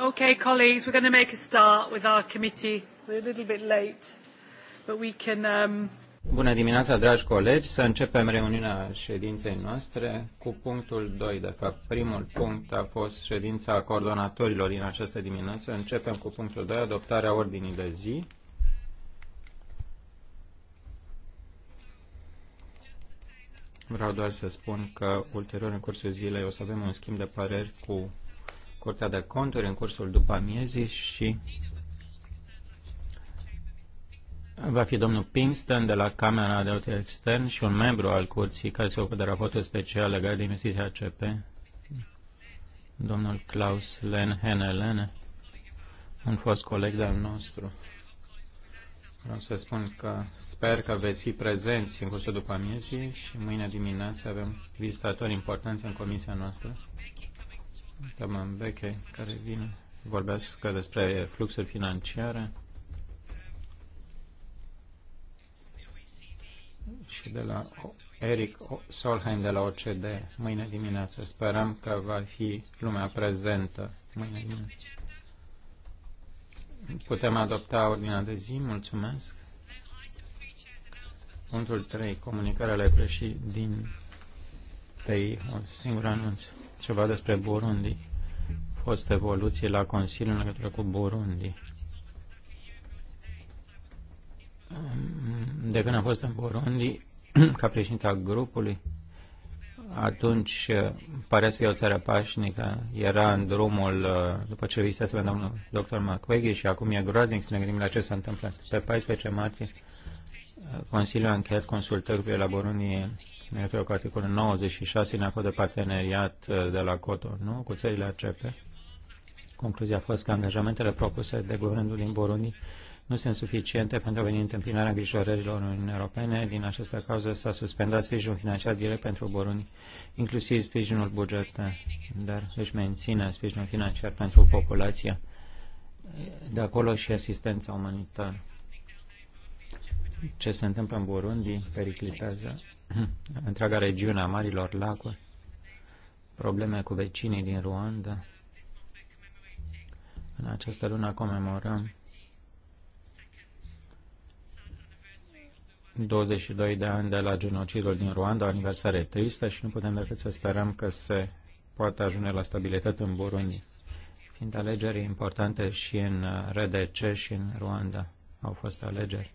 Okay, colleagues, we're going to make a start with our committee. We're a little bit late, but we can. Um... Bună dimineața, dragi colegi. Să începem reuniunea ședinței noastre cu punctul 2. De fapt, primul punct a fost ședința coordonatorilor din această dimineață. Începem cu punctul 2, adoptarea ordinii de zi. Vreau doar să spun că ulterior în cursul zilei o să avem un schimb de păreri cu Curtea de Conturi în cursul după amiezii și va fi domnul Pinston de la Camera de Autor Extern și un membru al curții care se ocupă de raportul special legat de investiția ACP, domnul Klaus Len Henelene, un fost coleg de-al nostru. Vreau să spun că sper că veți fi prezenți în cursul după amiezii și mâine dimineață avem vizitatori importanți în comisia noastră. Doamna Beche, care vine, vorbesc despre fluxuri financiare și de la Eric Solheim de la OCD mâine dimineață. Sperăm că va fi lumea prezentă mâine dimineață. Putem adopta ordinea de zi. Mulțumesc. Punctul 3. Comunicarea preși din Tei, O singur anunț. Ceva despre Burundi. Fost evoluție la Consiliu în legătură cu Burundi. De când am fost în Burundi, ca președinte al grupului, atunci părea să fie o țară pașnică, era în drumul, uh, după ce visese pe domnul dr. McQuaggy și acum e groaznic să ne gândim la ce s-a întâmplat. Pe 14 martie, uh, Consiliul a încheiat consultări cu elaborunii legătură cu articolul 96 în acord de parteneriat uh, de la Nu, cu țările ACP. Concluzia a fost că angajamentele propuse de guvernul din Burundi nu sunt suficiente pentru a veni întâmpinarea îngrijorărilor Uniunii Europene. Din această cauză s-a suspendat sprijinul financiar direct pentru Burundi, inclusiv sprijinul buget, dar își menține sprijinul financiar pentru populația de acolo și asistența umanitară. Ce se întâmplă în Burundi periclitează întreaga regiune a Marilor Lacuri, probleme cu vecinii din Ruanda. În această lună comemorăm 22 de ani de la genocidul din Ruanda, o aniversare tristă și nu putem decât să sperăm că se poate ajunge la stabilitate în Burundi, fiind alegeri importante și în RDC și în Ruanda. Au fost alegeri.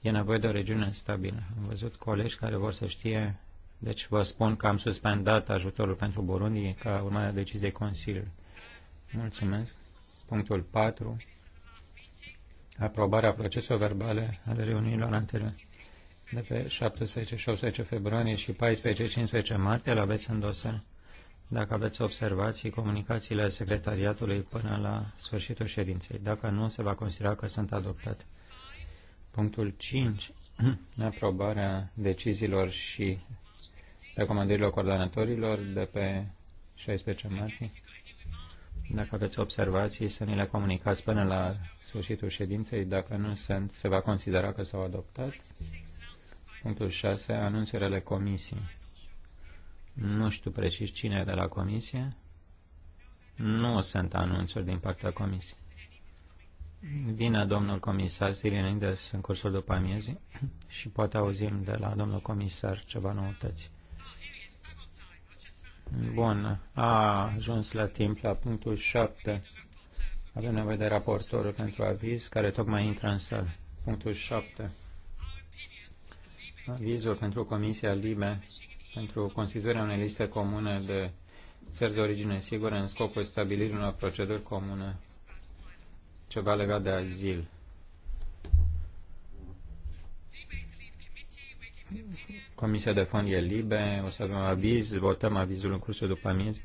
E nevoie de o regiune stabilă. Am văzut colegi care vor să știe, deci vă spun că am suspendat ajutorul pentru Burundi ca urmare a deciziei Consiliului. Mulțumesc. Punctul 4 aprobarea proceselor verbale ale reuniunilor anterioare de pe 17-16 februarie și 14-15 martie, îl aveți în dosar. Dacă aveți observații, comunicațiile secretariatului până la sfârșitul ședinței. Dacă nu, se va considera că sunt adoptate. Punctul 5. Aprobarea deciziilor și recomandărilor coordonatorilor de pe 16 martie. Dacă aveți observații, să ni le comunicați până la sfârșitul ședinței. Dacă nu sunt, se va considera că s-au adoptat. Punctul Anunțurile comisiei. Nu știu precis cine e de la comisie. Nu sunt anunțuri din partea comisiei. Vine domnul comisar Sirianides în cursul după amiezii și poate auzim de la domnul comisar ceva noutăți. Bun, a ajuns la timp la punctul 7. Avem nevoie de raportorul pentru aviz care tocmai intră în sală. Punctul 7 avizul pentru Comisia Libe pentru constituirea unei liste comune de țări de origine sigură în scopul stabilirii unor proceduri comune, ceva legat de azil. Comisia de fond e libe, o să avem aviz, votăm avizul în cursul după amiz.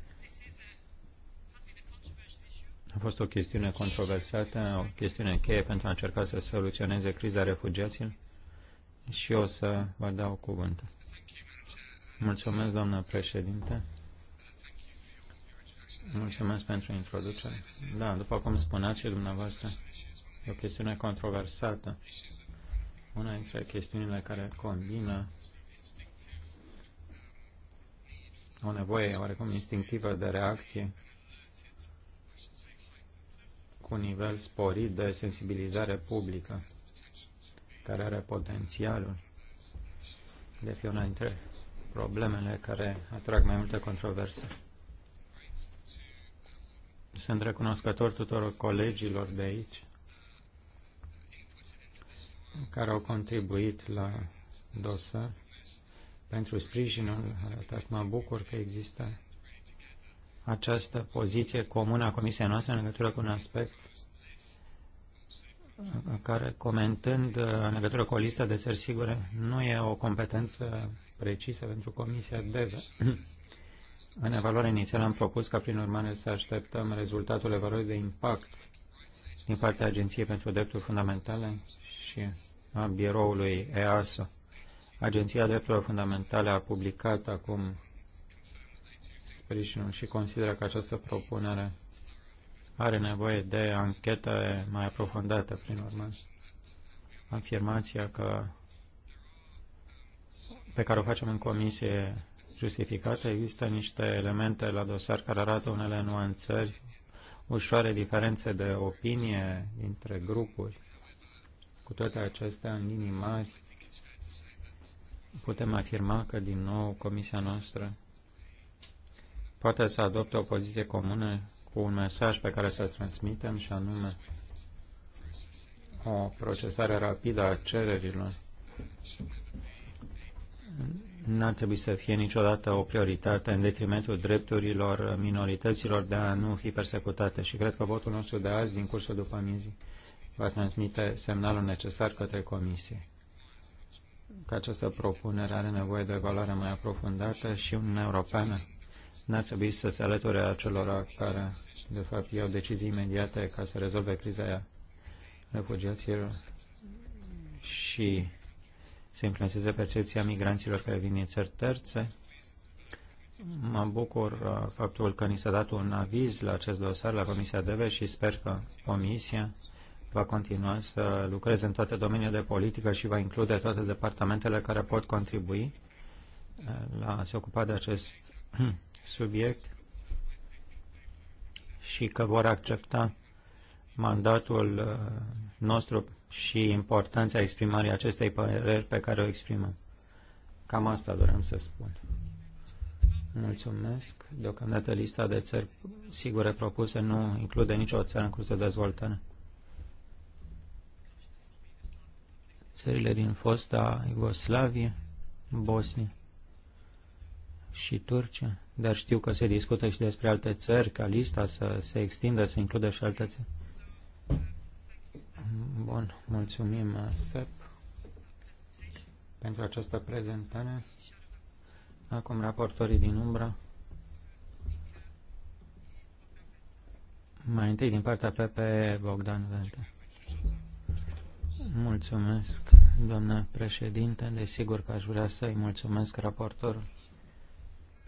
A fost o chestiune controversată, o chestiune cheie pentru a încerca să soluționeze criza refugiaților și eu o să vă dau cuvântul. Mulțumesc, doamnă președinte. Mulțumesc pentru introducere. Da, după cum spuneați și dumneavoastră, e o chestiune controversată. Una dintre chestiunile care combină o nevoie oarecum instinctivă de reacție cu un nivel sporit de sensibilizare publică care are potențialul de fi una dintre problemele care atrag mai multe controverse. Sunt recunoscător tuturor colegilor de aici care au contribuit la dosar pentru sprijinul arătat. Mă bucur că există această poziție comună a Comisiei noastre în legătură cu un aspect care comentând uh, în legătură cu o listă de țări sigure nu e o competență precisă pentru Comisia DEVE. În evaluarea inițială am propus ca prin urmare să așteptăm rezultatul evaluării de impact din partea Agenției pentru Drepturi Fundamentale și a biroului EASO. Agenția Drepturilor Fundamentale a publicat acum sprijinul și consideră că această propunere are nevoie de anchetă mai aprofundată, prin urmă. Afirmația că pe care o facem în comisie justificată, există niște elemente la dosar care arată unele nuanțări, ușoare diferențe de opinie dintre grupuri. Cu toate acestea, în linii mari, putem afirma că, din nou, comisia noastră poate să adopte o poziție comună cu un mesaj pe care să-l transmitem și anume o procesare rapidă a cererilor n-ar trebui să fie niciodată o prioritate în detrimentul drepturilor minorităților de a nu fi persecutate și cred că votul nostru de azi, din cursul după mizii va transmite semnalul necesar către Comisie că această propunere are nevoie de o evaluare mai aprofundată și un Europeană n-ar trebui să se alăture acelora care, de fapt, iau decizii imediate ca să rezolve criza aia refugiaților și să influențeze percepția migranților care vin din țări terțe. Mă bucur uh, faptul că ni s-a dat un aviz la acest dosar la Comisia DEVE și sper că Comisia va continua să lucreze în toate domeniile de politică și va include toate departamentele care pot contribui uh, la a se ocupa de acest Hmm. subiect și că vor accepta mandatul uh, nostru și importanța exprimării acestei păreri pe care o exprimăm. Cam asta doream să spun. Mulțumesc. Deocamdată lista de țări sigure propuse nu include nicio țară în curs de dezvoltare. Țările din fosta Iugoslavie, Bosnia și Turcia, dar știu că se discută și despre alte țări, ca lista să se extindă, să includă și alte țări. Bun, mulțumim, Sep, pentru această prezentare. Acum raportorii din umbră. Mai întâi din partea PP Bogdan Vente. Mulțumesc, doamnă președinte. Desigur că aș vrea să-i mulțumesc raportorului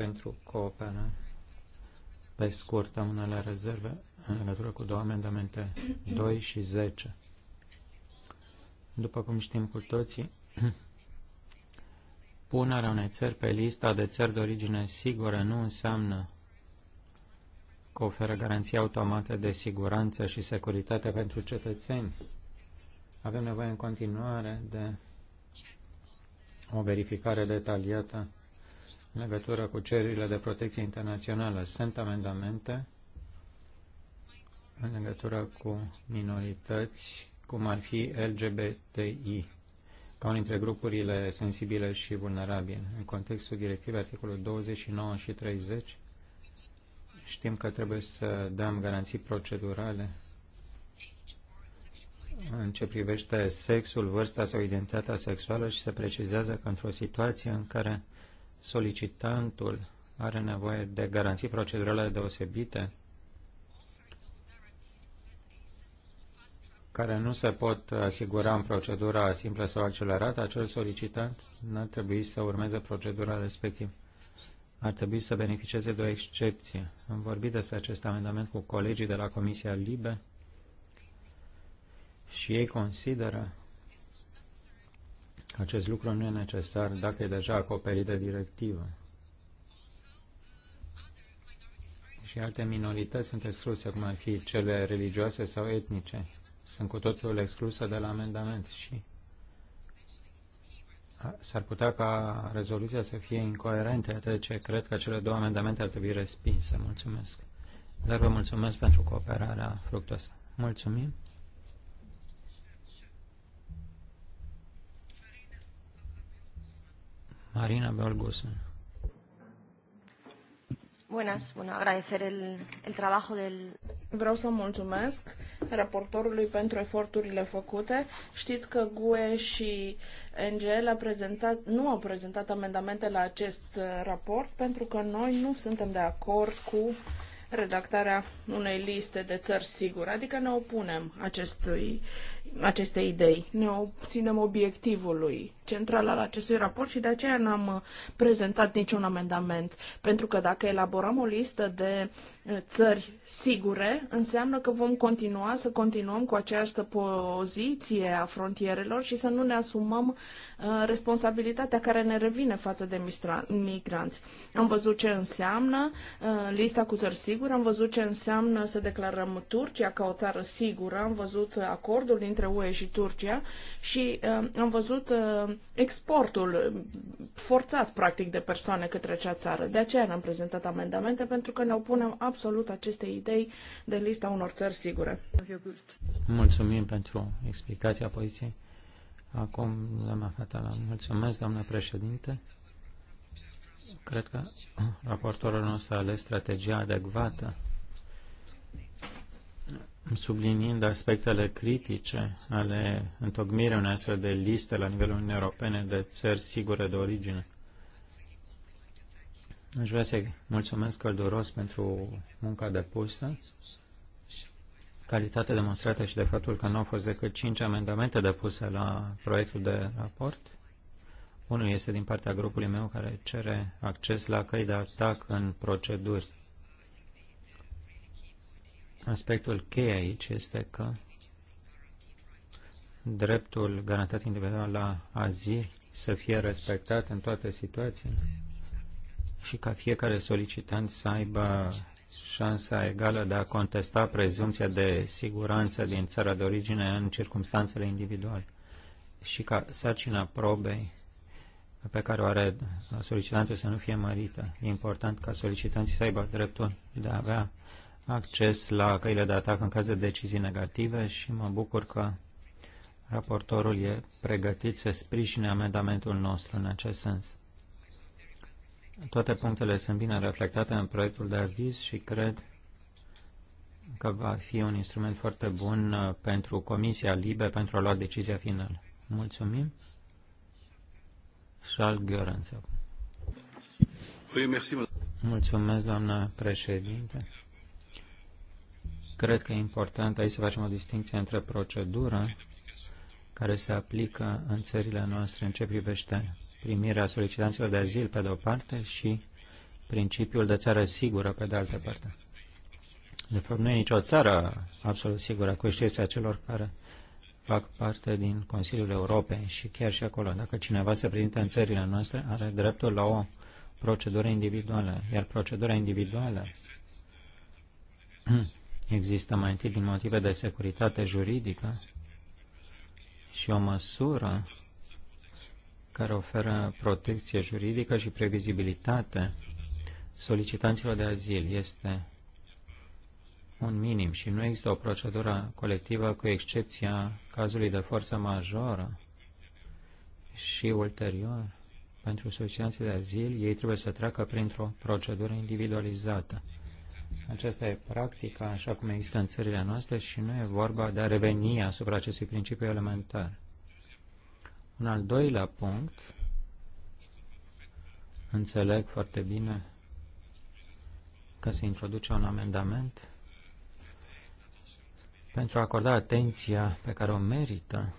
pentru cooperare. Pe scurt, am unele rezerve în legătură cu două amendamente, 2 și 10. După cum știm cu toții, punerea unei țări pe lista de țări de origine sigură nu înseamnă că oferă garanții automate de siguranță și securitate pentru cetățeni. Avem nevoie în continuare de o verificare detaliată în legătură cu cererile de protecție internațională. Sunt amendamente în legătură cu minorități, cum ar fi LGBTI, ca unul dintre grupurile sensibile și vulnerabile. În contextul directivei articolul 29 și 30, știm că trebuie să dăm garanții procedurale în ce privește sexul, vârsta sau identitatea sexuală și se precizează că într-o situație în care solicitantul are nevoie de garanții procedurale deosebite care nu se pot asigura în procedura simplă sau accelerată, acel solicitant nu ar trebui să urmeze procedura respectivă. Ar trebui să beneficieze de o excepție. Am vorbit despre acest amendament cu colegii de la Comisia Libe și ei consideră acest lucru nu e necesar dacă e deja acoperit de directivă. Și alte minorități sunt excluse, cum ar fi cele religioase sau etnice. Sunt cu totul excluse de la amendament și s-ar putea ca rezoluția să fie incoerentă, de ce cred că cele două amendamente ar trebui respinse. Mulțumesc. Dar vă mulțumesc pentru cooperarea fructoasă. Mulțumim. Marina Belgosa. Buenas, bueno, agradecer el, el trabajo del... Vreau să mulțumesc raportorului pentru eforturile făcute. Știți că GUE și NGL a prezentat, nu au prezentat amendamente la acest uh, raport pentru că noi nu suntem de acord cu redactarea unei liste de țări sigure, adică ne opunem acestui acestei idei. Ne obținem obiectivului central al acestui raport și de aceea n-am uh, prezentat niciun amendament. Pentru că dacă elaborăm o listă de uh, țări sigure, înseamnă că vom continua să continuăm cu această poziție a frontierelor și să nu ne asumăm Uh, responsabilitatea care ne revine față de migranți. Am văzut ce înseamnă uh, lista cu țări sigure, am văzut ce înseamnă să declarăm Turcia ca o țară sigură, am văzut uh, acordul dintre UE și Turcia și am văzut exportul forțat, practic, de persoane către acea țară. De aceea ne-am prezentat amendamente, pentru că ne opunem absolut aceste idei de lista unor țări sigure. Mulțumim pentru explicația poziției. Acum, doamna Hatala, mulțumesc, doamna președinte. Cred că raportorul nostru a ales strategia adecvată, subliniind aspectele critice ale întocmirii unei astfel de liste la nivelul Uniunii Europene de țări sigure de origine. Aș vrea să mulțumesc călduros pentru munca depusă calitatea demonstrată și de faptul că nu au fost decât cinci amendamente depuse la proiectul de raport. Unul este din partea grupului meu care cere acces la căi de atac în proceduri. Aspectul cheie aici este că dreptul garantat individual la azil să fie respectat în toate situațiile și ca fiecare solicitant să aibă șansa egală de a contesta prezumția de siguranță din țara de origine în circumstanțele individuale și ca sarcina probei pe care o are solicitantul să nu fie mărită. E important ca solicitanții să aibă dreptul de a avea acces la căile de atac în caz de decizii negative și mă bucur că raportorul e pregătit să sprijine amendamentul nostru în acest sens. Toate punctele sunt bine reflectate în proiectul de aviz și cred că va fi un instrument foarte bun uh, pentru Comisia Libe pentru a lua decizia finală. Mulțumim. Charles Görens Mulțumesc, doamnă președinte. Cred că e important aici să facem o distinție între procedură care se aplică în țările noastre în ce privește primirea solicitanților de azil pe de-o parte și principiul de țară sigură pe de altă parte. De fapt, nu e nicio țară absolut sigură, cu excepția celor care fac parte din Consiliul Europei și chiar și acolo. Dacă cineva se prezintă în țările noastre, are dreptul la o procedură individuală, iar procedura individuală există mai întâi din motive de securitate juridică și o măsură care oferă protecție juridică și previzibilitate solicitanților de azil. Este un minim și nu există o procedură colectivă cu excepția cazului de forță majoră și ulterior. Pentru solicitanții de azil, ei trebuie să treacă printr-o procedură individualizată. Aceasta e practica așa cum există în țările noastre și nu e vorba de a reveni asupra acestui principiu elementar. Un al doilea punct, înțeleg foarte bine că se introduce un amendament pentru a acorda atenția pe care o merită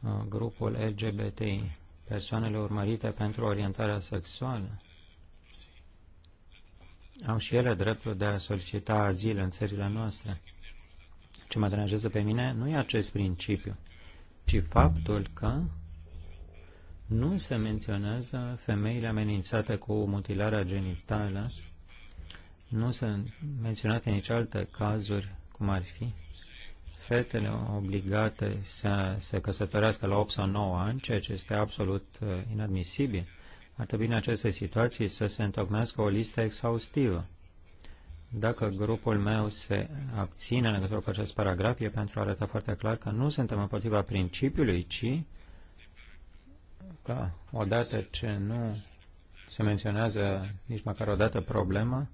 uh, grupul LGBTI, persoanele urmărite pentru orientarea sexuală au și ele dreptul de a solicita azil în țările noastre. Ce mă deranjează pe mine nu e acest principiu, ci faptul că nu se menționează femeile amenințate cu mutilarea genitală, nu sunt menționate nici alte cazuri, cum ar fi fetele obligate să se căsătorească la 8 sau 9 ani, ceea ce este absolut uh, inadmisibil ar trebui în aceste situații să se întocmească o listă exhaustivă. Dacă grupul meu se abține în legătură cu acest paragraf, e pentru a arăta foarte clar că nu suntem împotriva principiului, ci că odată ce nu se menționează nici măcar o dată problema,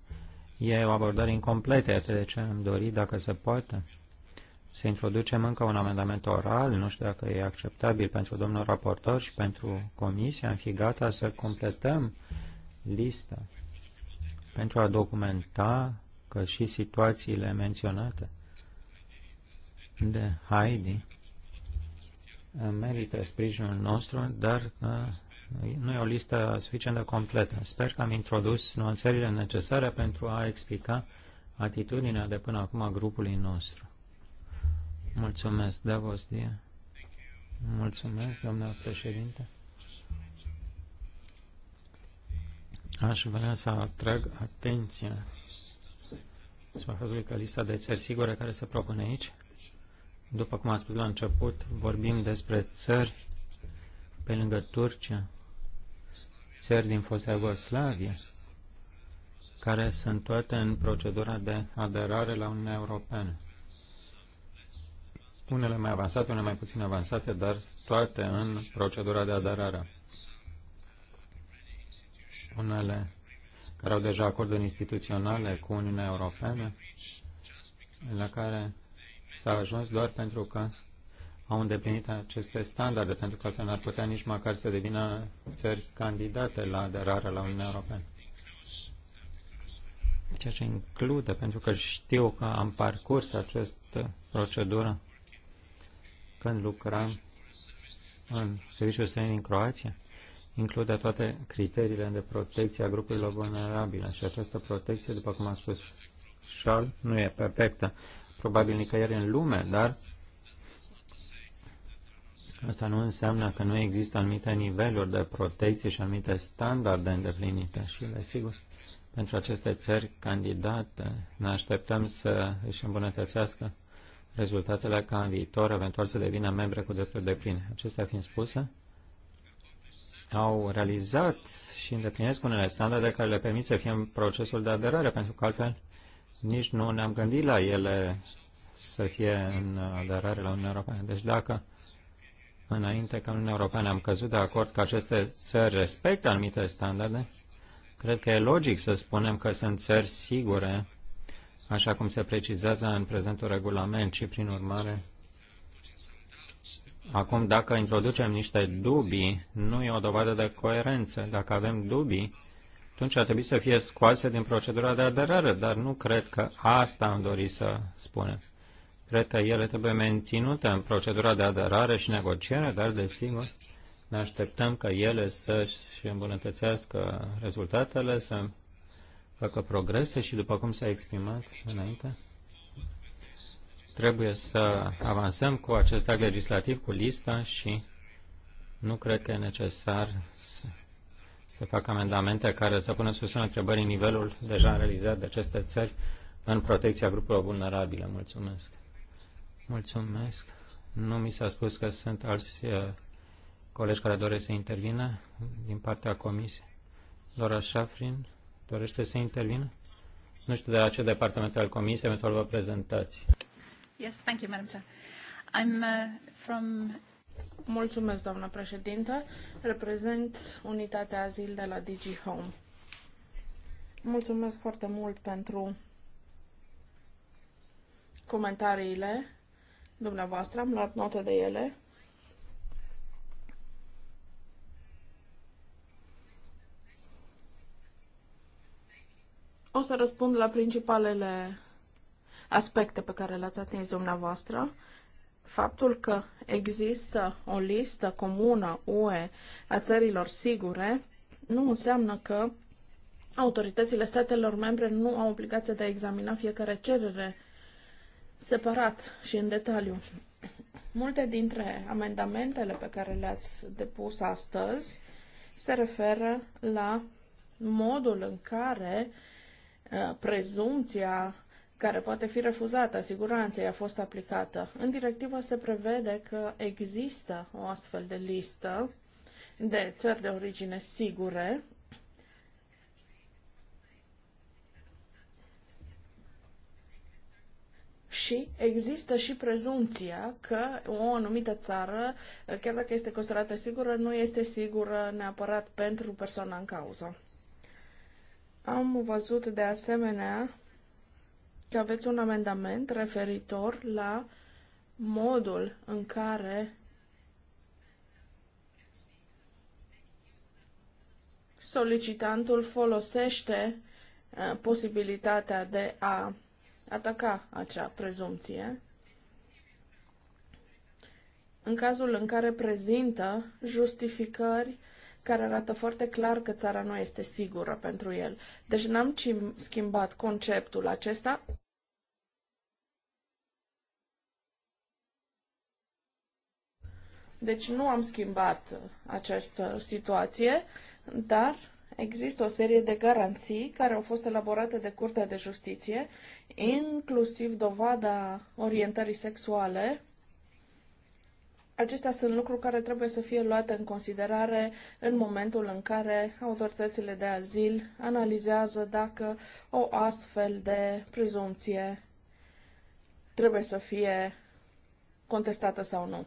e o abordare incompletă, atât de ce am dorit, dacă se poate, să introducem încă un amendament oral, nu știu dacă e acceptabil pentru domnul raportor și pentru comisie, am fi gata să completăm lista pentru a documenta că și situațiile menționate de Heidi merită sprijinul nostru, dar nu e o listă suficient de completă. Sper că am introdus nuanțările necesare pentru a explica atitudinea de până acum a grupului nostru. Mulțumesc, da, Vosdia. Mulțumesc, doamna președinte. Aș vrea să atrag atenția să fac că lista de țări sigure care se propune aici, după cum am spus la început, vorbim despre țări pe lângă Turcia, țări din fosta Iugoslavie, care sunt toate în procedura de aderare la Uniunea Europeană unele mai avansate, unele mai puțin avansate, dar toate în procedura de aderare. Unele care au deja acorduri instituționale cu Uniunea Europeană, la care s-a ajuns doar pentru că au îndeplinit aceste standarde, pentru că altfel n-ar putea nici măcar să devină țări candidate la aderare la Uniunea Europeană. Ceea ce include, pentru că știu că am parcurs această procedură, când lucram în serviciul străin din Croația, include toate criteriile de protecție a grupurilor vulnerabile și această protecție, după cum am spus Șal, nu e perfectă, probabil nicăieri în lume, dar asta nu înseamnă că nu există anumite niveluri de protecție și anumite standarde îndeplinite și, le sigur. pentru aceste țări candidate ne așteptăm să își îmbunătățească rezultatele ca în viitor eventual să devină membre cu drepturi de pline. Acestea fiind spuse, au realizat și îndeplinesc unele standarde care le permit să fie în procesul de aderare, pentru că altfel nici nu ne-am gândit la ele să fie în aderare la Uniunea Europeană. Deci dacă înainte ca Uniunea Europeană am căzut de acord că aceste țări respectă anumite standarde, cred că e logic să spunem că sunt țări sigure așa cum se precizează în prezentul regulament și, prin urmare, acum dacă introducem niște dubii, nu e o dovadă de coerență. Dacă avem dubii, atunci ar trebui să fie scoase din procedura de aderare, dar nu cred că asta am dorit să spunem. Cred că ele trebuie menținute în procedura de aderare și negociere, dar, desigur, ne așteptăm ca ele să-și îmbunătățească rezultatele, să facă progrese și, după cum s-a exprimat înainte, trebuie să avansăm cu acest act legislativ, cu lista și nu cred că e necesar să, să fac amendamente care să pună sus în întrebări nivelul deja realizat de aceste țări în protecția grupurilor vulnerabile. Mulțumesc. Mulțumesc. Nu mi s-a spus că sunt alți uh, colegi care doresc să intervină din partea comisiei. Laura Șafrin dorește să intervină? Nu știu de la ce departament al comisiei, eventual vă prezentați. Yes, thank you, Madam Chair. I'm uh, from... Mulțumesc, doamnă președintă. Reprezint unitatea azil de la DG Home. Mulțumesc foarte mult pentru comentariile dumneavoastră, am luat notă de ele. O să răspund la principalele aspecte pe care le-ați atins dumneavoastră. Faptul că există o listă comună UE a țărilor sigure nu înseamnă că autoritățile statelor membre nu au obligația de a examina fiecare cerere separat și în detaliu. Multe dintre amendamentele pe care le-ați depus astăzi se referă la modul în care Eh, prezumția care poate fi refuzată, siguranței a fost aplicată. În directivă se prevede că există o astfel de listă de țări de origine sigure Și există și prezumția că o anumită țară, chiar dacă este considerată sigură, nu este sigură neapărat pentru persoana în cauză. Am văzut de asemenea că aveți un amendament referitor la modul în care solicitantul folosește uh, posibilitatea de a ataca acea prezumție în cazul în care prezintă justificări care arată foarte clar că țara nu este sigură pentru el. Deci n-am schimbat conceptul acesta. Deci nu am schimbat această situație, dar există o serie de garanții care au fost elaborate de Curtea de Justiție, inclusiv dovada orientării sexuale Acestea sunt lucruri care trebuie să fie luate în considerare în momentul în care autoritățile de azil analizează dacă o astfel de prezumție trebuie să fie contestată sau nu.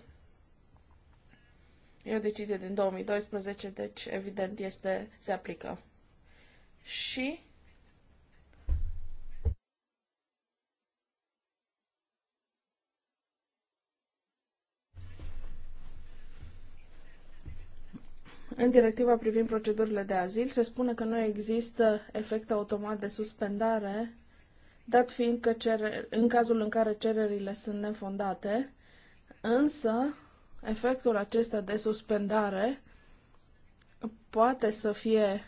E o decizie din 2012, deci evident este, se aplică. Și În directiva privind procedurile de azil se spune că nu există efect automat de suspendare, dat fiind că cere, în cazul în care cererile sunt nefondate, însă efectul acesta de suspendare poate să fie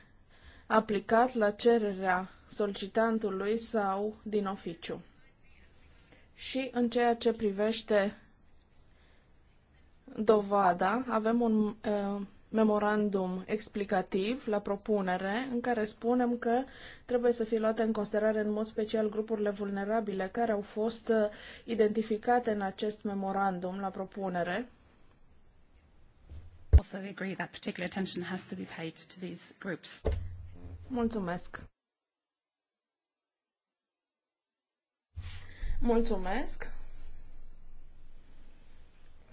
aplicat la cererea solicitantului sau din oficiu. Și în ceea ce privește dovada, avem un uh, memorandum explicativ la propunere în care spunem că trebuie să fie luate în considerare în mod special grupurile vulnerabile care au fost uh, identificate în acest memorandum la propunere. Also agree that particular attention has to be paid to these groups. Mulțumesc. Mulțumesc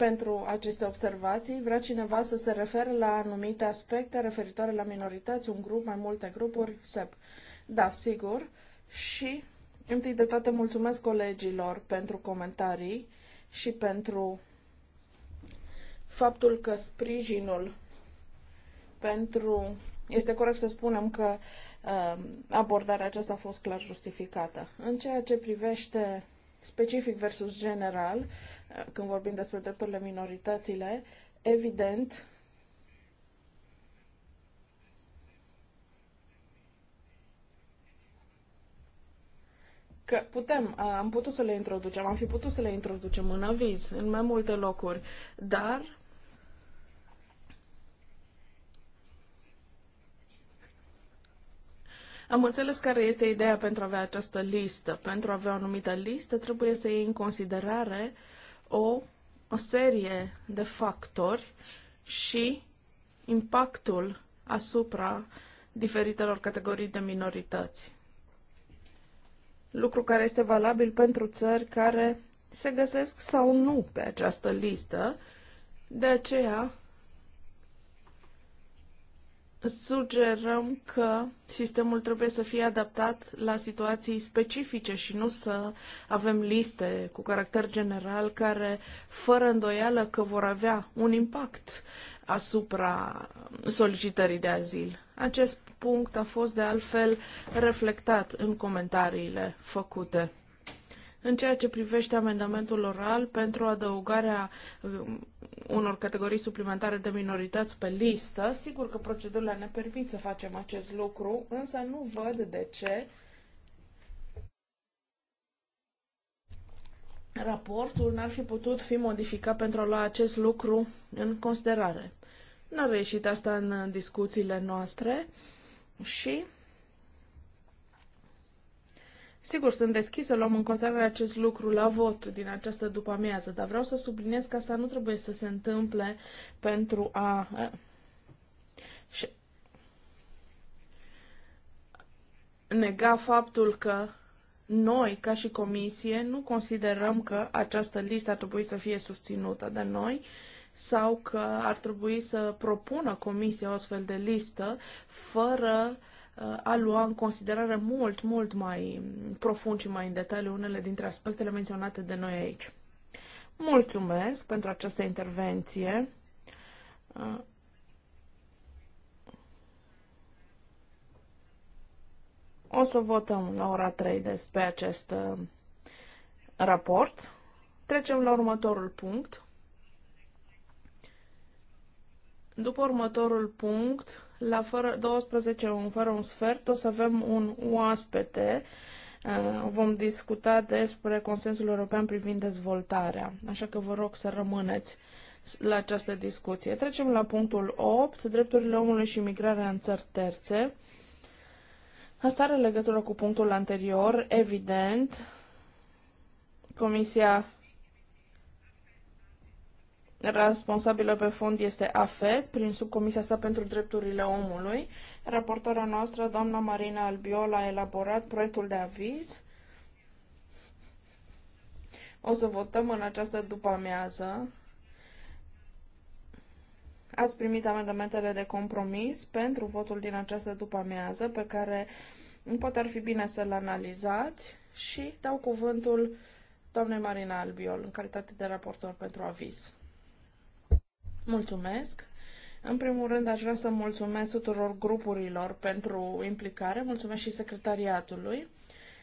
pentru aceste observații. Vrea cineva să se refere la anumite aspecte referitoare la minorități, un grup, mai multe grupuri, SEP. Da, sigur. Și întâi de toate mulțumesc colegilor pentru comentarii și pentru faptul că sprijinul pentru. Este corect să spunem că uh, abordarea aceasta a fost clar justificată. În ceea ce privește specific versus general, când vorbim despre drepturile minoritățile, evident, că putem, am putut să le introducem, am fi putut să le introducem în aviz, în mai multe locuri, dar Am înțeles care este ideea pentru a avea această listă. Pentru a avea o anumită listă, trebuie să iei în considerare uh, o, o serie de factori și impactul asupra diferitelor categorii de minorități. Lucru care este valabil pentru țări care se găsesc sau nu pe această listă, de aceea sugerăm că sistemul trebuie să fie adaptat la situații specifice și nu să avem liste cu caracter general care, fără îndoială că vor avea un impact asupra solicitării de azil. Acest punct a fost de altfel reflectat în comentariile făcute. În ceea ce privește amendamentul oral pentru adăugarea um, unor categorii suplimentare de minorități pe listă, sigur că procedurile ne permit să facem acest lucru, însă nu văd de ce raportul n-ar fi putut fi modificat pentru a lua acest lucru în considerare. N-a reieșit asta în discuțiile noastre și Sigur, sunt deschis să luăm în considerare acest lucru la vot din această după-amiază, dar vreau să subliniez că asta nu trebuie să se întâmple pentru a... Și... nega faptul că noi, ca și comisie, nu considerăm că această listă ar trebui să fie susținută de noi sau că ar trebui să propună comisia o astfel de listă fără uh, Uh, a lua în considerare mult, mult mai profund și mai în detaliu unele dintre aspectele menționate de noi aici. Mulțumesc pentru această intervenție. Uh, o să votăm la ora 3 despre acest uh, raport. Trecem la următorul punct. După următorul punct, la fără 12 un fără un sfert o să avem un oaspete. Uh, vom discuta despre consensul european privind dezvoltarea, așa că vă rog să rămâneți la această discuție. Trecem la punctul 8, drepturile omului și migrarea în țări terțe. Asta are legătură cu punctul anterior, evident. Comisia responsabilă pe fond este AFET, prin subcomisia sa pentru drepturile omului. Raportoarea noastră, doamna Marina Albiol, a elaborat proiectul de aviz. O să votăm în această după-amiază. Ați primit amendamentele de compromis pentru votul din această după-amiază, pe care poate ar fi bine să-l analizați și dau cuvântul doamnei Marina Albiol în calitate de raportor pentru aviz. Mulțumesc! În primul rând, aș vrea să mulțumesc tuturor grupurilor pentru implicare, mulțumesc și secretariatului.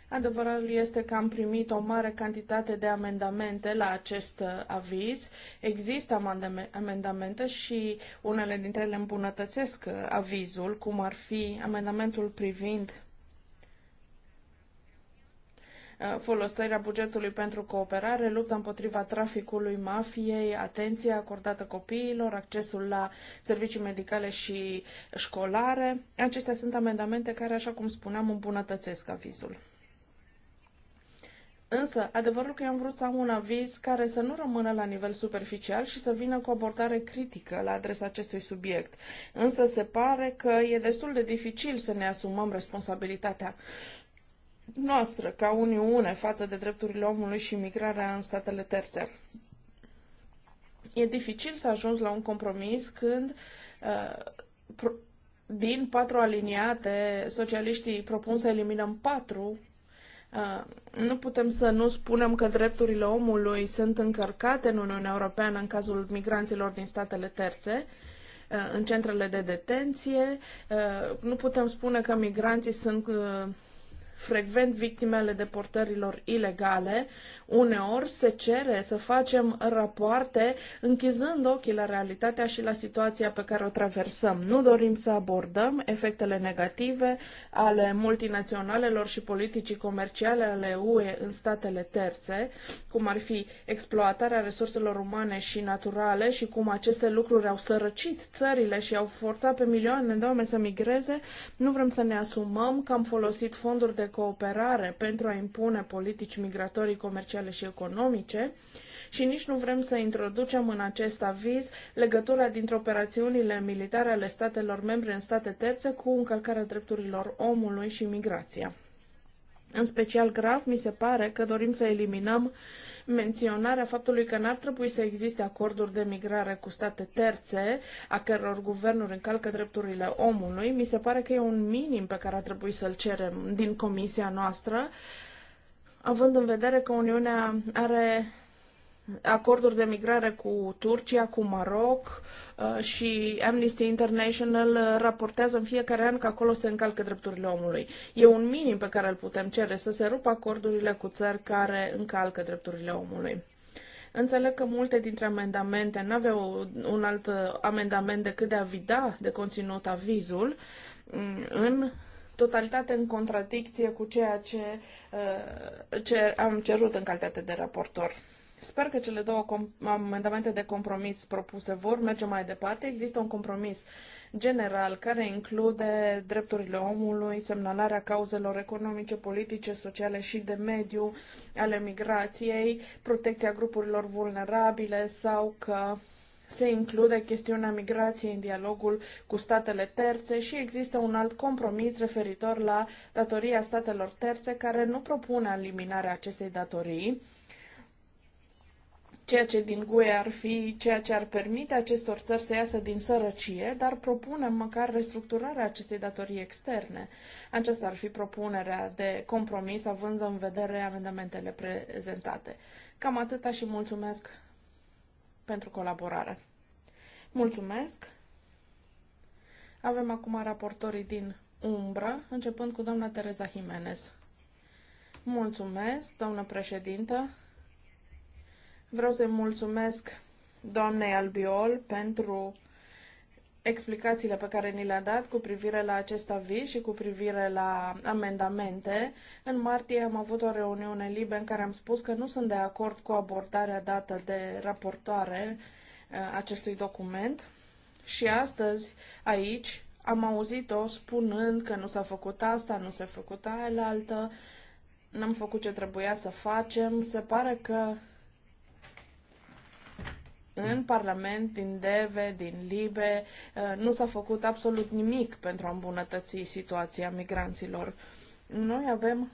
Adevărul este că am primit o mare cantitate de amendamente la acest uh, aviz. Există amendamente și unele dintre ele îmbunătățesc uh, avizul, cum ar fi amendamentul privind Uh, folosirea bugetului pentru cooperare, lupta împotriva traficului mafiei, atenția acordată copiilor, accesul la servicii medicale și școlare. Acestea sunt amendamente care, așa cum spuneam, îmbunătățesc avizul. Însă, adevărul că eu am vrut să am un aviz care să nu rămână la nivel superficial și să vină cu o abordare critică la adresa acestui subiect. Însă se pare că e destul de dificil să ne asumăm responsabilitatea noastră ca Uniune față de drepturile omului și migrarea în statele terțe. E dificil să ajungi la un compromis când uh, din patru aliniate socialiștii propun să eliminăm patru uh, nu putem să nu spunem că drepturile omului sunt încărcate în Uniunea Europeană în cazul migranților din statele terțe, uh, în centrele de detenție. Nu putem spune că migranții sunt frecvent victimele deportărilor ilegale, uneori se cere să facem rapoarte închizând ochii la realitatea și la situația pe care o traversăm. Nu dorim să abordăm efectele negative ale multinaționalelor și politicii comerciale ale UE în statele terțe, cum ar fi exploatarea resurselor umane și naturale și cum aceste lucruri au sărăcit țările și au forțat pe milioane de oameni să migreze, nu vrem să ne asumăm că am folosit fonduri de cooperare pentru a impune politici migratorii comerciale și economice, și nici nu vrem să introducem în acest aviz legătura dintre operațiunile militare ale statelor membre în state terțe cu încălcarea drepturilor omului și migrația. În special grav, mi se pare că dorim să eliminăm menționarea faptului că n-ar trebui să existe acorduri de migrare cu state terțe, a căror guvernuri încalcă drepturile omului. Mi se pare că e un minim pe care ar trebui să-l cerem din comisia noastră, având în vedere că Uniunea are acorduri de migrare cu Turcia, cu Maroc uh, și Amnesty International uh, raportează în fiecare an că acolo se încalcă drepturile omului. E un minim pe care îl putem cere, să se rupă acordurile cu țări care încalcă drepturile omului. Înțeleg că multe dintre amendamente nu aveau un alt uh, amendament decât de a vida de conținut avizul mm, în totalitate în contradicție cu ceea ce, ce am cerut în calitate de raportor. Sper că cele două amendamente de compromis propuse vor merge mai departe. Există un compromis general care include drepturile omului, semnalarea cauzelor economice, politice, sociale și de mediu ale migrației, protecția grupurilor vulnerabile sau că se include chestiunea migrației în dialogul cu statele terțe și există un alt compromis referitor la datoria statelor terțe care nu propune eliminarea acestei datorii, ceea ce din GUE ar fi ceea ce ar permite acestor țări să iasă din sărăcie, dar propunem măcar restructurarea acestei datorii externe. Aceasta ar fi propunerea de compromis, având în vedere amendamentele prezentate. Cam atâta și mulțumesc pentru colaborare. Mulțumesc! Avem acum raportorii din umbră, începând cu doamna Teresa Jimenez. Mulțumesc, doamnă președintă. Vreau să-i mulțumesc doamnei Albiol pentru explicațiile pe care ni le-a dat cu privire la acest aviz și cu privire la amendamente. În martie am avut o reuniune liberă în care am spus că nu sunt de acord cu abordarea dată de raportoare uh, acestui document și astăzi aici am auzit-o spunând că nu s-a făcut asta, nu s-a făcut aia altă, n-am făcut ce trebuia să facem. Se pare că în Parlament, din DEVE, din LIBE, uh, nu s-a făcut absolut nimic pentru a îmbunătăți situația migranților. Noi avem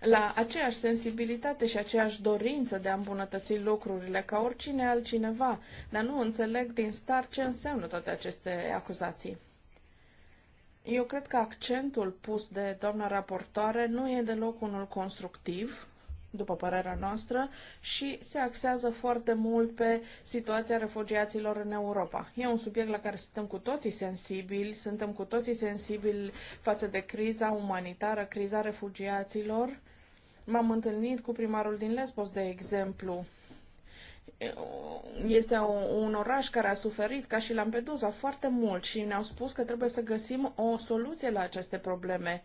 la aceeași sensibilitate și aceeași dorință de a îmbunătăți lucrurile ca oricine altcineva, dar nu înțeleg din start ce înseamnă toate aceste acuzații. Eu cred că accentul pus de doamna raportoare nu e deloc unul constructiv, după părerea noastră, și se axează foarte mult pe situația refugiaților în Europa. E un subiect la care suntem cu toții sensibili, suntem cu toții sensibili față de criza umanitară, criza refugiaților. M-am întâlnit cu primarul din Lesbos, de exemplu, este un oraș care a suferit, ca și Lampedusa, foarte mult și ne-au spus că trebuie să găsim o soluție la aceste probleme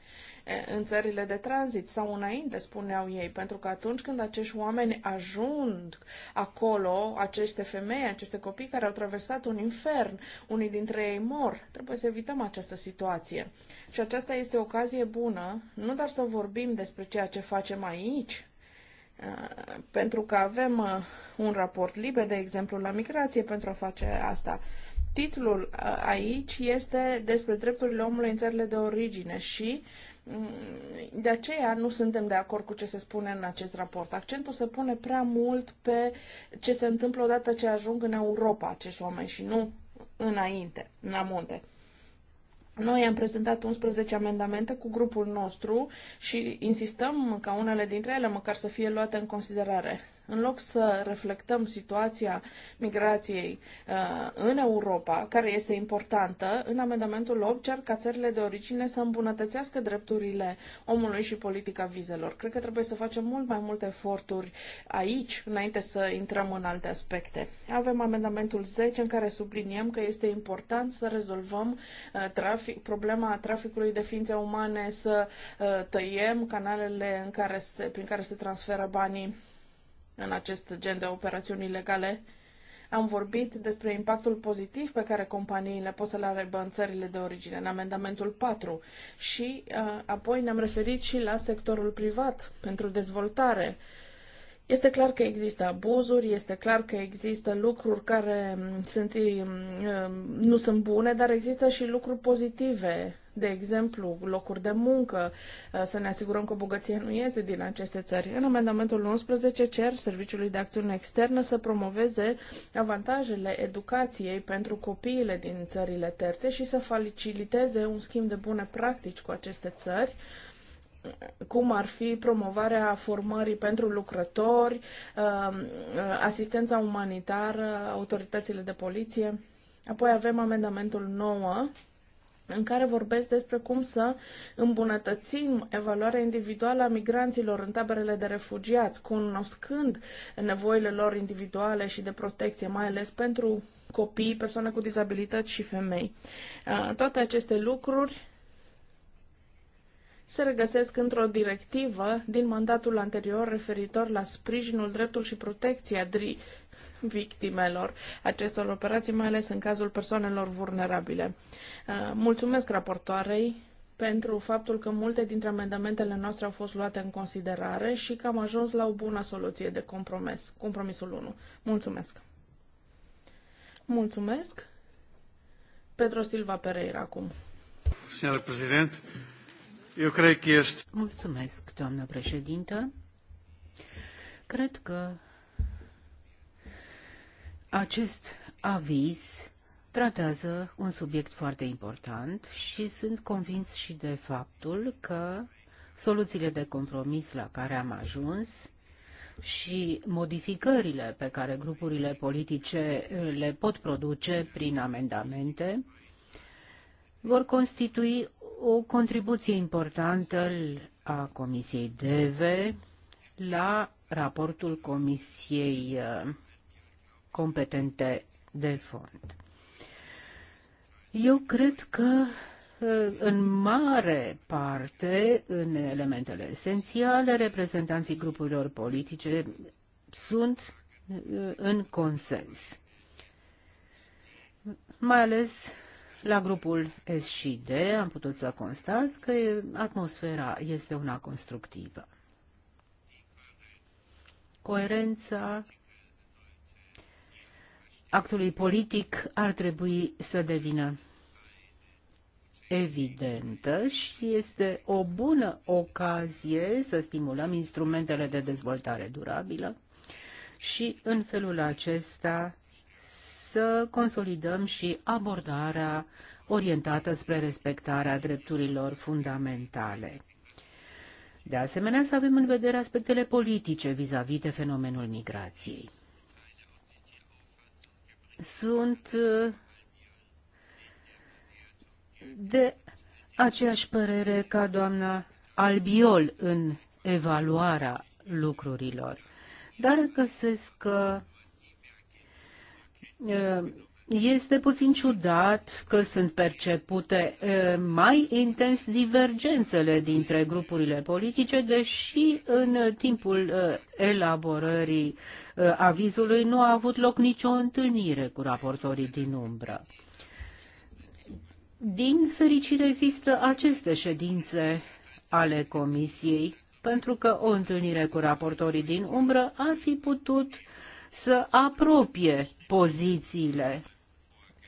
în țările de tranzit sau înainte, spuneau ei, pentru că atunci când acești oameni ajung acolo, aceste femei, aceste copii care au traversat un infern, unii dintre ei mor, trebuie să evităm această situație. Și aceasta este o ocazie bună, nu doar să vorbim despre ceea ce facem aici, pentru că avem uh, un raport liber, de exemplu, la migrație pentru a face asta. Titlul uh, aici este despre drepturile omului în țările de origine și mm, de aceea nu suntem de acord cu ce se spune în acest raport. Accentul se pune prea mult pe ce se întâmplă odată ce ajung în Europa acești oameni și nu înainte, la munte. Noi am prezentat 11 amendamente cu grupul nostru și insistăm ca unele dintre ele măcar să fie luate în considerare. În loc să reflectăm situația migrației uh, în Europa, care este importantă, în amendamentul 8 cer ca țările de origine să îmbunătățească drepturile omului și politica vizelor. Cred că trebuie să facem mult mai multe eforturi aici, înainte să intrăm în alte aspecte. Avem amendamentul 10 în care subliniem că este important să rezolvăm uh, trafic, problema traficului de ființe umane, să uh, tăiem canalele în care se, prin care se transferă banii în acest gen de operațiuni ilegale. Am vorbit despre impactul pozitiv pe care companiile pot să-l aibă în țările de origine, în amendamentul 4, și uh, apoi ne-am referit și la sectorul privat pentru dezvoltare. Este clar că există abuzuri, este clar că există lucruri care mm, sunt, mm, mm, nu sunt bune, dar există și lucruri pozitive de exemplu, locuri de muncă, uh, să ne asigurăm că bogăția nu iese din aceste țări. În amendamentul 11 cer Serviciului de Acțiune Externă să promoveze avantajele educației pentru copiile din țările terțe și să faciliteze un schimb de bune practici cu aceste țări cum ar fi promovarea formării pentru lucrători, uh, asistența umanitară, autoritățile de poliție. Apoi avem amendamentul 9, în care vorbesc despre cum să îmbunătățim evaluarea individuală a migranților în taberele de refugiați, cunoscând nevoile lor individuale și de protecție, mai ales pentru copii, persoane cu dizabilități și femei. Toate aceste lucruri se regăsesc într-o directivă din mandatul anterior referitor la sprijinul, dreptul și protecția victimelor acestor operații, mai ales în cazul persoanelor vulnerabile. Uh, mulțumesc raportoarei pentru faptul că multe dintre amendamentele noastre au fost luate în considerare și că am ajuns la o bună soluție de compromis, compromisul 1. Mulțumesc! Mulțumesc! Pedro Silva Pereira acum. eu cred că este... Mulțumesc, doamnă președintă. Cred că acest aviz tratează un subiect foarte important și sunt convins și de faptul că soluțiile de compromis la care am ajuns și modificările pe care grupurile politice le pot produce prin amendamente vor constitui o contribuție importantă a Comisiei DEVE la raportul Comisiei uh, competente de fond. Eu cred că ă, în mare parte, în elementele esențiale, reprezentanții grupurilor politice sunt ă, în consens. Mai ales la grupul S și D am putut să constat că atmosfera este una constructivă. Coerența actului politic ar trebui să devină evidentă și este o bună ocazie să stimulăm instrumentele de dezvoltare durabilă și în felul acesta să consolidăm și abordarea orientată spre respectarea drepturilor fundamentale. De asemenea, să avem în vedere aspectele politice vis-a-vis -vis de fenomenul migrației sunt uh, de aceeași părere ca doamna Albiol în evaluarea lucrurilor, dar găsesc că uh, este puțin ciudat că sunt percepute mai intens divergențele dintre grupurile politice, deși în timpul elaborării avizului nu a avut loc nicio întâlnire cu raportorii din umbră. Din fericire există aceste ședințe ale comisiei, pentru că o întâlnire cu raportorii din umbră ar fi putut să apropie pozițiile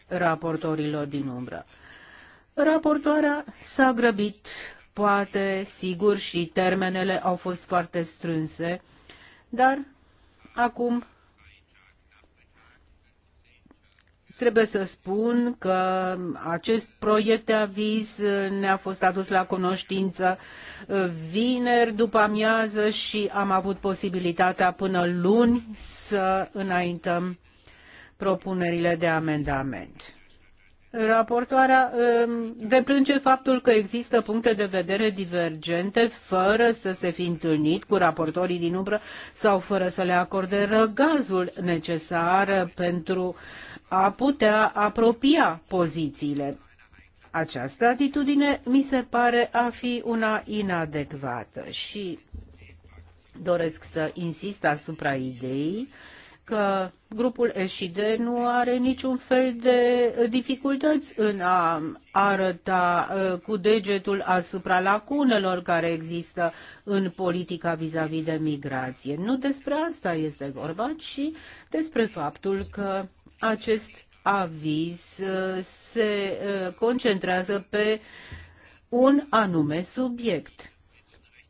raportorilor din umbră. Raportoarea s-a grăbit, poate, sigur, și termenele au fost foarte strânse, dar acum Trebuie să spun că acest proiect de aviz ne-a fost adus la cunoștință vineri după amiază și am avut posibilitatea până luni să înaintăm propunerile de amendament. Raportoarea deplânge faptul că există puncte de vedere divergente fără să se fi întâlnit cu raportorii din umbră sau fără să le acorde răgazul necesar pentru a putea apropia pozițiile. Această atitudine mi se pare a fi una inadecvată și doresc să insist asupra ideii că grupul SID nu are niciun fel de dificultăți în a arăta uh, cu degetul asupra lacunelor care există în politica vis-a-vis -vis de migrație. Nu despre asta este vorba, ci despre faptul că acest aviz uh, se uh, concentrează pe un anume subiect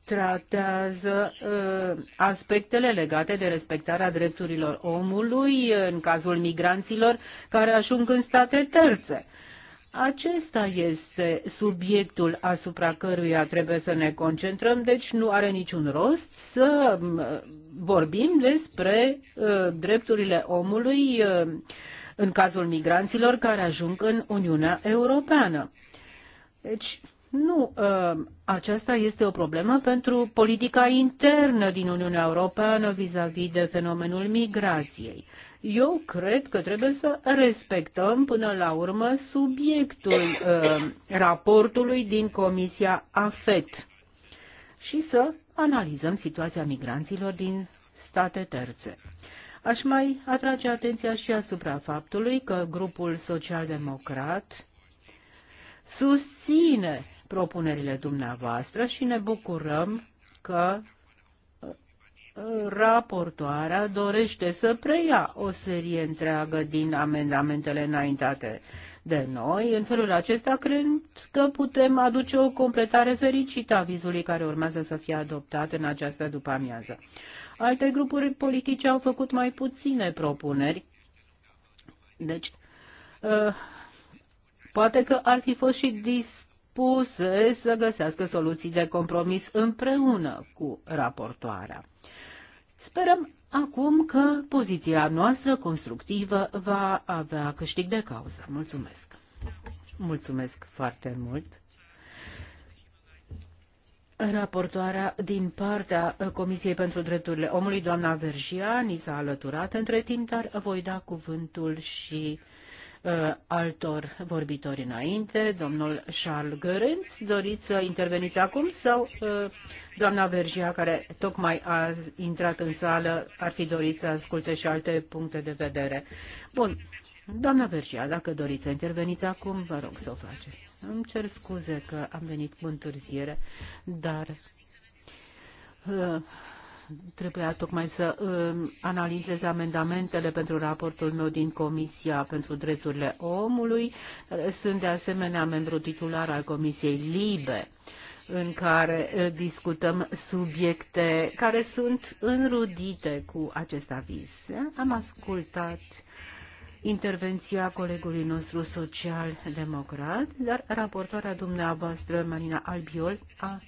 tratează uh, aspectele legate de respectarea drepturilor omului în cazul migranților care ajung în state terțe. Acesta este subiectul asupra căruia trebuie să ne concentrăm, deci nu are niciun rost să uh, vorbim despre uh, drepturile omului uh, în cazul migranților care ajung în Uniunea Europeană. Deci, nu, uh, aceasta este o problemă pentru politica internă din Uniunea Europeană vis-a-vis -vis de fenomenul migrației. Eu cred că trebuie să respectăm până la urmă subiectul uh, raportului din Comisia AFET și să analizăm situația migranților din state terțe. Aș mai atrage atenția și asupra faptului că grupul social-democrat susține propunerile dumneavoastră și ne bucurăm că uh, raportoarea dorește să preia o serie întreagă din amendamentele înaintate de noi. În felul acesta cred că putem aduce o completare fericită a vizului care urmează să fie adoptat în această după-amiază. Alte grupuri politice au făcut mai puține propuneri, deci uh, poate că ar fi fost și dis dispuse să găsească soluții de compromis împreună cu raportoarea. Sperăm acum că poziția noastră constructivă va avea câștig de cauză. Mulțumesc! Mulțumesc foarte mult! Raportoarea din partea Comisiei pentru Drepturile Omului, doamna Vergia, ni s-a alăturat între timp, dar voi da cuvântul și Uh, altor vorbitori înainte. Domnul Charles Gărenț, doriți să interveniți acum sau uh, doamna Vergia, care tocmai a intrat în sală, ar fi dorit să asculte și alte puncte de vedere? Bun. Doamna Vergia, dacă doriți să interveniți acum, vă rog să o faceți. Îmi cer scuze că am venit cu întârziere, dar uh, trebuia tocmai să uh, analizez amendamentele pentru raportul meu din Comisia pentru Drepturile Omului. Sunt de asemenea membru titular al Comisiei Libe în care uh, discutăm subiecte care sunt înrudite cu acest aviz. Am ascultat intervenția colegului nostru social-democrat, dar raportoarea dumneavoastră, Marina Albiol, a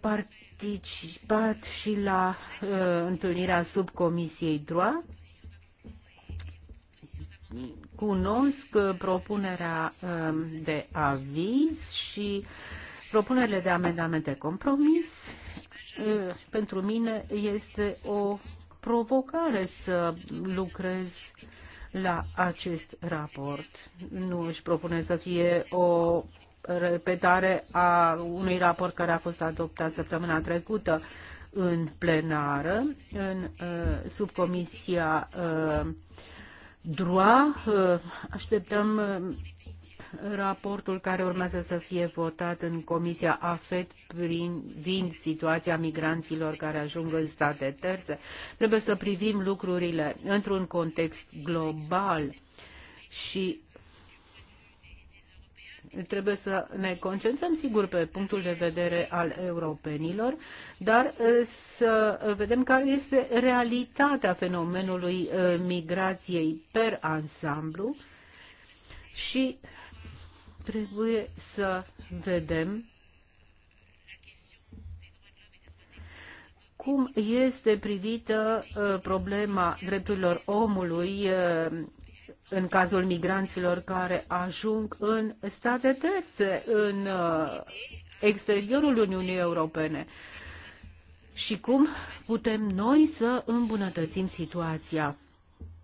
part- participat și la uh, întâlnirea subcomisiei DROA. Cunosc uh, propunerea uh, de aviz și propunerile de amendamente compromis. Uh, pentru mine este o provocare să lucrez la acest raport. Nu își propune să fie o repetare a unui raport care a fost adoptat săptămâna trecută în plenară, în uh, subcomisia uh, DROA. Uh, așteptăm raportul care urmează să fie votat în Comisia AFET privind situația migranților care ajung în state terțe. Trebuie să privim lucrurile într-un context global și trebuie să ne concentrăm, sigur, pe punctul de vedere al europenilor, dar să vedem care este realitatea fenomenului migrației per ansamblu și trebuie să vedem cum este privită problema drepturilor omului în cazul migranților care ajung în state terțe, în uh, exteriorul Uniunii Europene. Și cum putem noi să îmbunătățim situația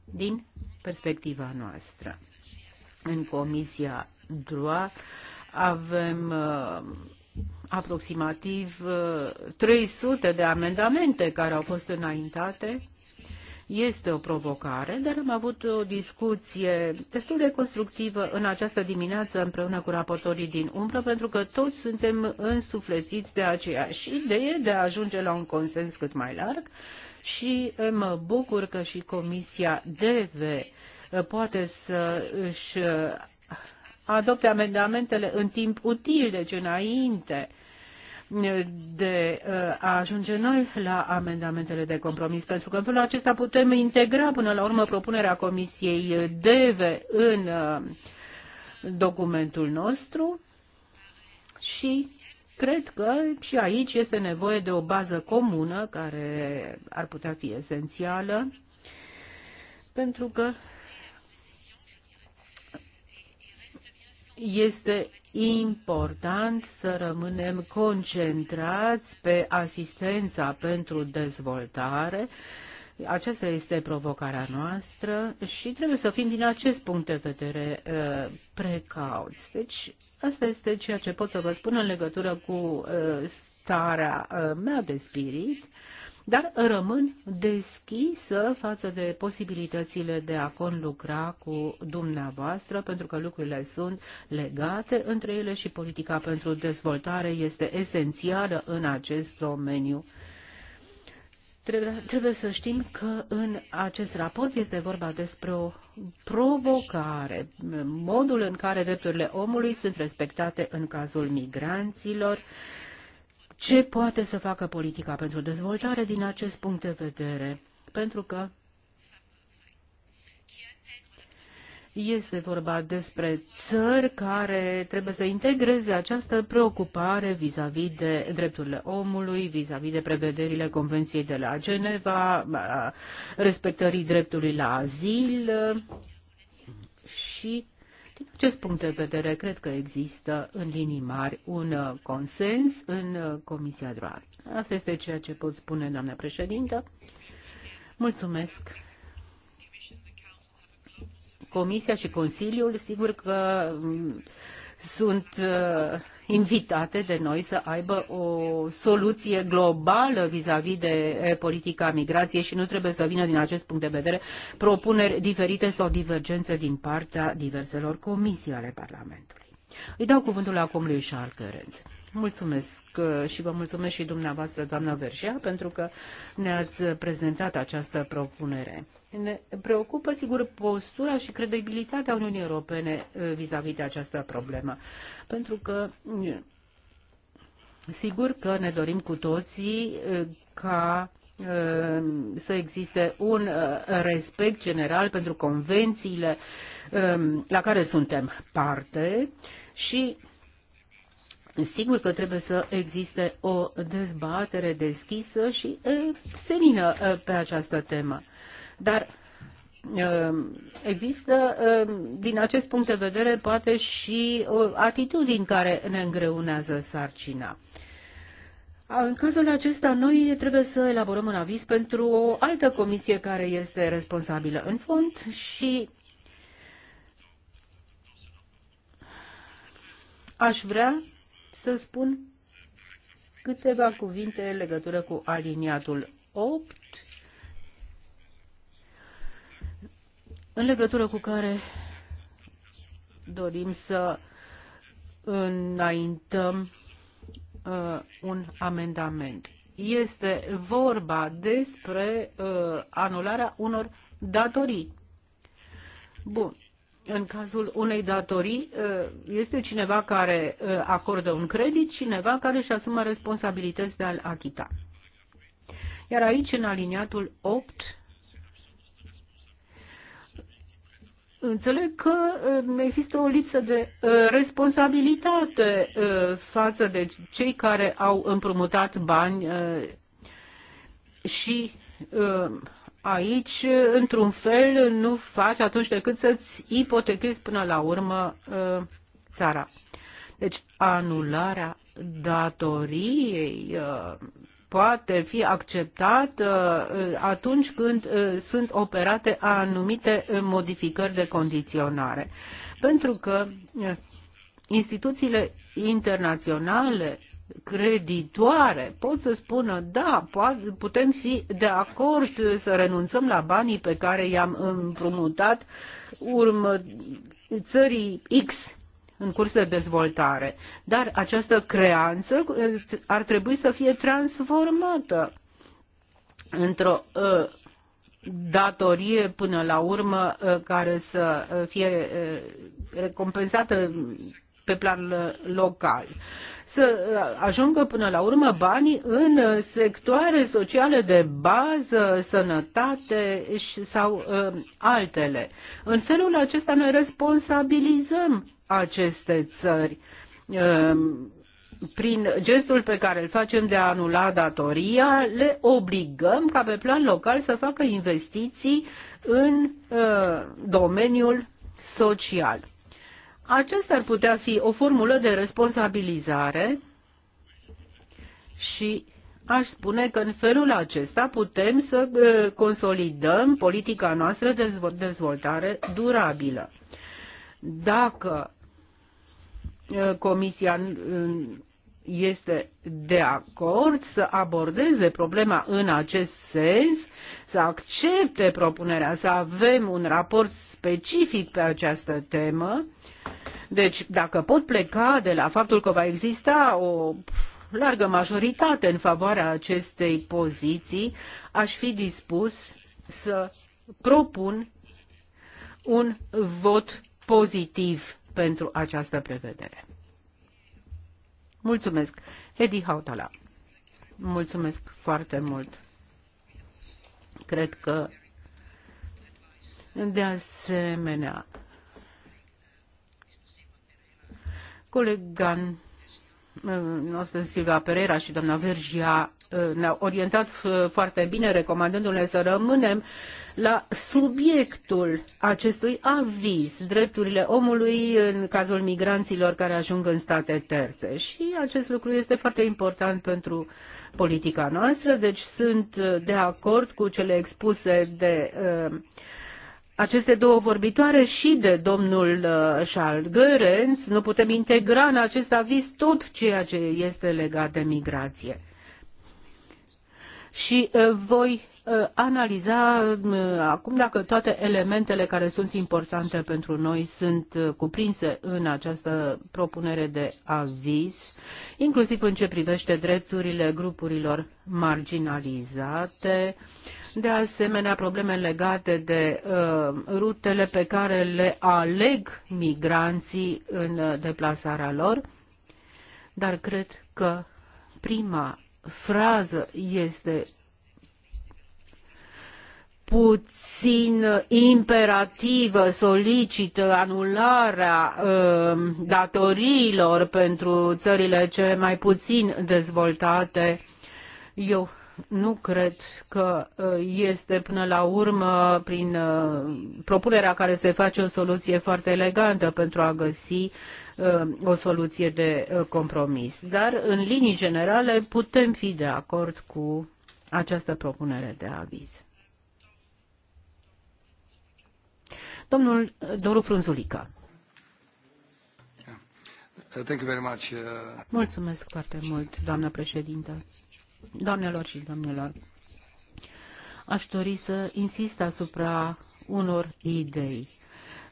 din perspectiva noastră. În Comisia DROA avem uh, aproximativ uh, 300 de amendamente care au fost înaintate este o provocare, dar am avut o discuție destul de constructivă în această dimineață împreună cu raportorii din umbră, pentru că toți suntem însuflețiți de aceeași idee de a ajunge la un consens cât mai larg și eh, mă bucur că și Comisia DV eh, poate să își eh, adopte amendamentele în timp util, deci înainte uh, de eh, a ajunge noi la amendamentele de compromis, pentru că în felul acesta putem integra până la urmă propunerea Comisiei DEVE în eh, documentul nostru și cred că și aici este nevoie de o bază comună care ar putea fi esențială, pentru că este important să rămânem concentrați pe asistența pentru dezvoltare. Aceasta este provocarea noastră și trebuie să fim din acest punct de vedere uh, precauți. Deci, asta este ceea ce pot să vă spun în legătură cu uh, starea uh, mea de spirit dar rămân deschisă față de posibilitățile de a conlucra cu dumneavoastră, pentru că lucrurile sunt legate între ele și politica pentru dezvoltare este esențială în acest domeniu. Trebuie, să știm că în acest raport este vorba despre o provocare, modul în care drepturile omului sunt respectate în cazul migranților, ce poate să facă politica pentru dezvoltare din acest punct de vedere, pentru că este vorba despre țări care trebuie să integreze această preocupare vis-a-vis -vis de drepturile omului, vis-a-vis -vis de prevederile Convenției de la Geneva, respectării dreptului la azil și din acest punct de vedere, cred că există în linii mari un uh, consens în uh, Comisia Droar. Asta este ceea ce pot spune, doamna președintă. Mulțumesc. Comisia și Consiliul, sigur că mm, sunt uh, invitate de noi să aibă o soluție globală vis-a-vis de eh, politica migrației și nu trebuie să vină din acest punct de vedere propuneri diferite sau divergențe din partea diverselor comisii ale Parlamentului. Îi dau cuvântul acum lui Charles Cărenț. Mulțumesc uh, și vă mulțumesc și dumneavoastră, doamna Verșea pentru că ne-ați prezentat această propunere. Ne preocupă, sigur, postura și credibilitatea Uniunii Europene uh, vis-a-vis -vis de această problemă, pentru că uh, sigur că ne dorim cu toții ca să existe un respect general pentru convențiile la care suntem parte și Sigur că trebuie să existe o dezbatere deschisă și e, senină pe această temă. Dar există, din acest punct de vedere, poate și o atitudine care ne îngreunează sarcina. În cazul acesta, noi trebuie să elaborăm un aviz pentru o altă comisie care este responsabilă în fond și aș vrea să spun câteva cuvinte în legătură cu aliniatul 8, în legătură cu care dorim să înaintăm uh, un amendament. Este vorba despre uh, anularea unor datorii. Bun în cazul unei datorii uh, este cineva care uh, acordă un credit, cineva care își asumă responsabilități de a-l achita. Iar aici, în aliniatul 8, Înțeleg că uh, există o lipsă de responsabilitate față de cei care au împrumutat bani și aici, într-un fel, nu faci atunci decât să-ți ipotechezi până la urmă uh, țara. Deci anularea datoriei uh, poate fi acceptată uh, atunci când sunt operate anumite modificări de condiționare. Pentru că instituțiile internaționale creditoare pot să spună, da, putem fi de acord să renunțăm la banii pe care i-am împrumutat urmă țării X în curs de dezvoltare. Dar această creanță ar trebui să fie transformată într-o ă, datorie până la urmă ă, care să fie ă, recompensată pe plan uh, local. Să uh, ajungă până la urmă banii în uh, sectoare sociale de bază, sănătate sau uh, altele. În felul acesta noi responsabilizăm aceste țări uh, prin gestul pe care îl facem de a anula datoria, le obligăm ca pe plan local să facă investiții în uh, domeniul social. Aceasta ar putea fi o formulă de responsabilizare și aș spune că în felul acesta putem să uh, consolidăm politica noastră de dezvoltare durabilă. Dacă uh, Comisia uh, este de acord să abordeze problema în acest sens, să accepte propunerea, să avem un raport specific pe această temă. Deci, dacă pot pleca de la faptul că va exista o largă majoritate în favoarea acestei poziții, aș fi dispus să propun un vot pozitiv pentru această prevedere. Mulțumesc. Hedi Hautala. Mulțumesc foarte mult. Cred că de asemenea colegan nostru Silva Pereira și doamna Vergia ne a orientat foarte bine recomandându-ne să rămânem la subiectul acestui aviz, drepturile omului în cazul migranților care ajung în state terțe. Și acest lucru este foarte important pentru politica noastră, deci sunt de acord cu cele expuse de uh, aceste două vorbitoare și de domnul uh, Charles Goerens, nu putem integra în acest aviz tot ceea ce este legat de migrație și uh, voi uh, analiza uh, acum dacă toate elementele care sunt importante pentru noi sunt cuprinse în această propunere de aviz, inclusiv în ce privește drepturile grupurilor marginalizate, de asemenea probleme legate de uh, rutele pe care le aleg migranții în deplasarea lor, dar cred că prima frază este puțin imperativă, solicită anularea uh, datoriilor pentru țările cele mai puțin dezvoltate. Eu nu cred că uh, este până la urmă, prin uh, propunerea care se face, o soluție foarte elegantă pentru a găsi Uh, o soluție de uh, compromis. Dar, în linii generale, putem fi de acord cu această propunere de aviz. Domnul uh, Doru Frunzulica. Thank you very much. Mulțumesc foarte mult, doamnă președintă. Doamnelor și domnilor, aș dori să insist asupra unor idei.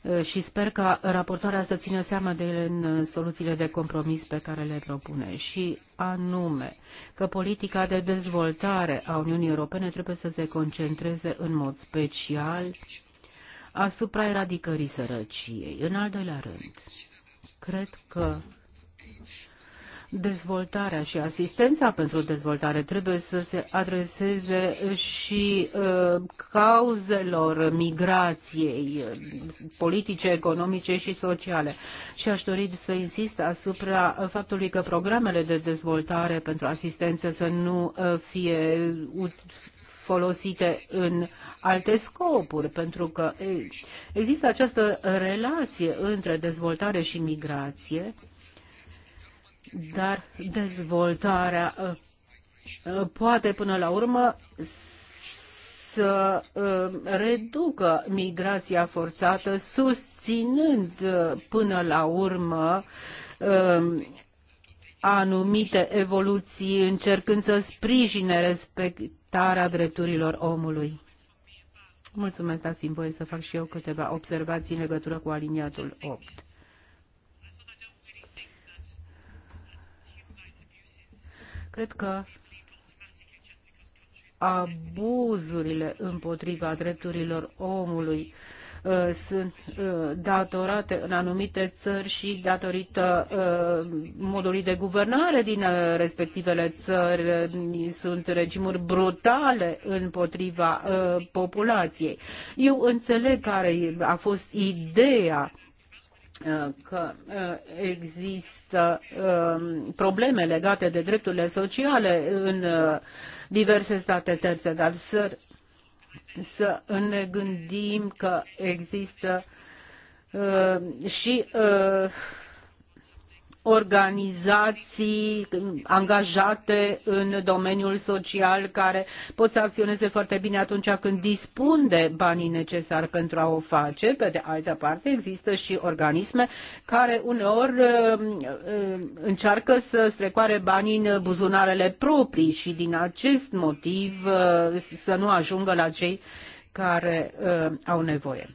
Eh, și sper ca raportoarea să țină seama de ele în eh, soluțiile de compromis pe care le propune și anume că politica de dezvoltare a Uniunii Europene trebuie să se concentreze în mod special asupra eradicării sărăciei. În al doilea rând, cred că Dezvoltarea și asistența pentru dezvoltare trebuie să se adreseze și uh, cauzelor migrației politice, economice și sociale. Și aș dori să insist asupra faptului că programele de dezvoltare pentru asistență să nu uh, fie folosite în alte scopuri, pentru că uh, există această relație între dezvoltare și migrație dar dezvoltarea uh, uh, poate până la urmă să uh, reducă migrația forțată, susținând până la urmă anumite evoluții, încercând să sprijine respectarea drepturilor omului. Mulțumesc, dați-mi voie să fac și eu câteva observații în legătură cu aliniatul 8. Cred că abuzurile împotriva drepturilor omului uh, sunt uh, datorate în anumite țări și datorită uh, modului de guvernare din respectivele țări. Sunt regimuri brutale împotriva populației. Eu înțeleg care a fost ideea Uh, că uh, există um, probleme legate de drepturile sociale în uh, diverse state terțe, dar să, să ne gândim că există și organizații angajate în domeniul social care pot să acționeze foarte bine atunci când dispun de banii necesari pentru a o face. Pe de altă parte, există și organisme care uneori uh, uh, încearcă să strecoare banii în buzunarele proprii și din acest motiv uh, să nu ajungă la cei care au nevoie.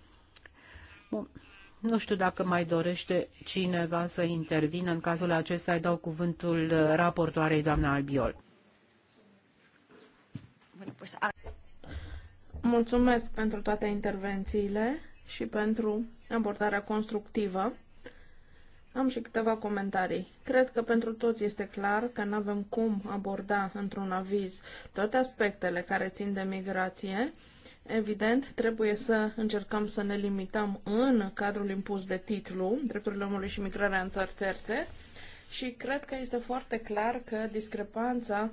Nu știu dacă mai dorește cineva să intervină. În cazul acesta îi dau cuvântul uh, raportoarei doamna Albiol. Mulțumesc pentru toate intervențiile și pentru abordarea constructivă. Am și câteva comentarii. Cred că pentru toți este clar că nu avem cum aborda într-un aviz toate aspectele care țin de migrație, Evident, trebuie să încercăm să ne limităm în cadrul impus de titlu, drepturile omului și migrarea în țări terțe, și cred că este foarte clar că discrepanța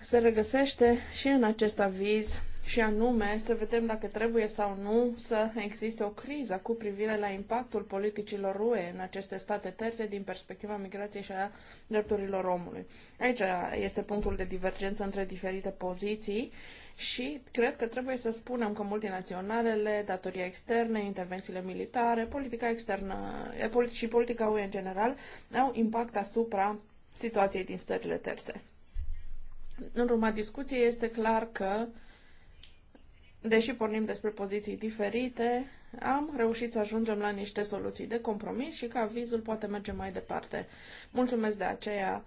se regăsește și în acest aviz și anume să vedem dacă trebuie sau nu să existe o criză cu privire la impactul politicilor UE în aceste state terțe din perspectiva migrației și a drepturilor omului. Aici este punctul de divergență între diferite poziții și cred că trebuie să spunem că multinaționalele, datoria externe, intervențiile militare, politica externă și politica UE în general au impact asupra situației din stările terțe. În urma discuției este clar că, deși pornim despre poziții diferite, am reușit să ajungem la niște soluții de compromis și că avizul poate merge mai departe. Mulțumesc de aceea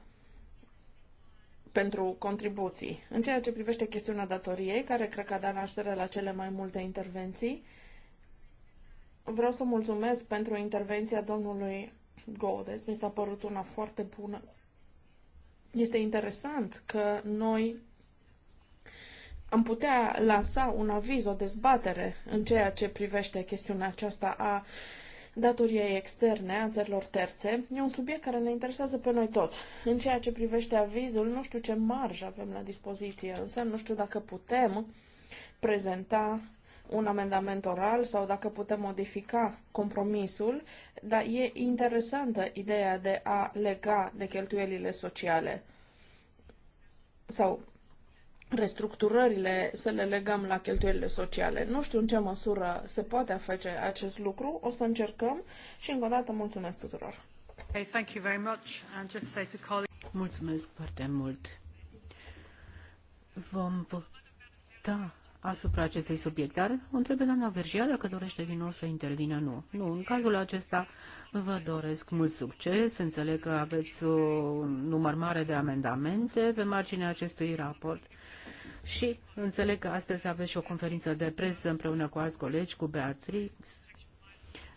pentru contribuții. În ceea ce privește chestiunea datoriei, care cred că a dat naștere la cele mai multe intervenții, vreau să mulțumesc pentru intervenția domnului Godes. Mi s-a părut una foarte bună. Este interesant că noi am putea lansa un aviz, o dezbatere în ceea ce privește chestiunea aceasta a uh, datoriei externe a țărilor terțe, e un subiect care ne interesează pe noi toți. În ceea ce privește avizul, nu știu ce marjă avem la dispoziție, însă nu știu dacă putem prezenta un amendament oral sau dacă putem modifica compromisul, dar e interesantă ideea de a lega de cheltuielile sociale sau restructurările să le legăm la cheltuielile sociale. Nu știu în ce măsură se poate face acest lucru, o să încercăm și încă o dată mulțumesc tuturor. Okay, thank you very much. And just say to colleagues... Mulțumesc foarte mult. Vom vota asupra acestui subiect, dar o întrebe doamna Vergia dacă dorește din nou să intervină. Nu, nu. În cazul acesta vă doresc mult succes. Înțeleg că aveți un număr mare de amendamente pe marginea acestui raport și înțeleg că astăzi aveți și o conferință de presă împreună cu alți colegi, cu Beatrix,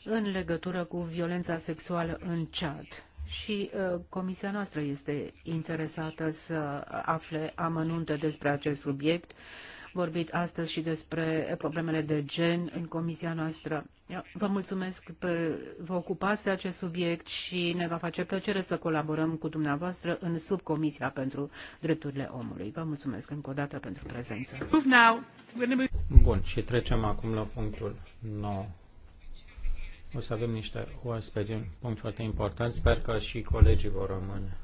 în legătură cu violența sexuală în Chad. Și uh, comisia noastră este interesată să afle amănunte despre acest subiect. Uh, vorbit astăzi și despre problemele de gen în comisia noastră. Vă mulțumesc că vă ocupați de acest subiect și ne va face plăcere să colaborăm cu dumneavoastră în subcomisia pentru drepturile omului. Vă mulțumesc încă o dată pentru prezență. Bun, și trecem acum la punctul 9. O să avem niște oaspeți, un punct foarte important. Sper că și colegii vor rămâne.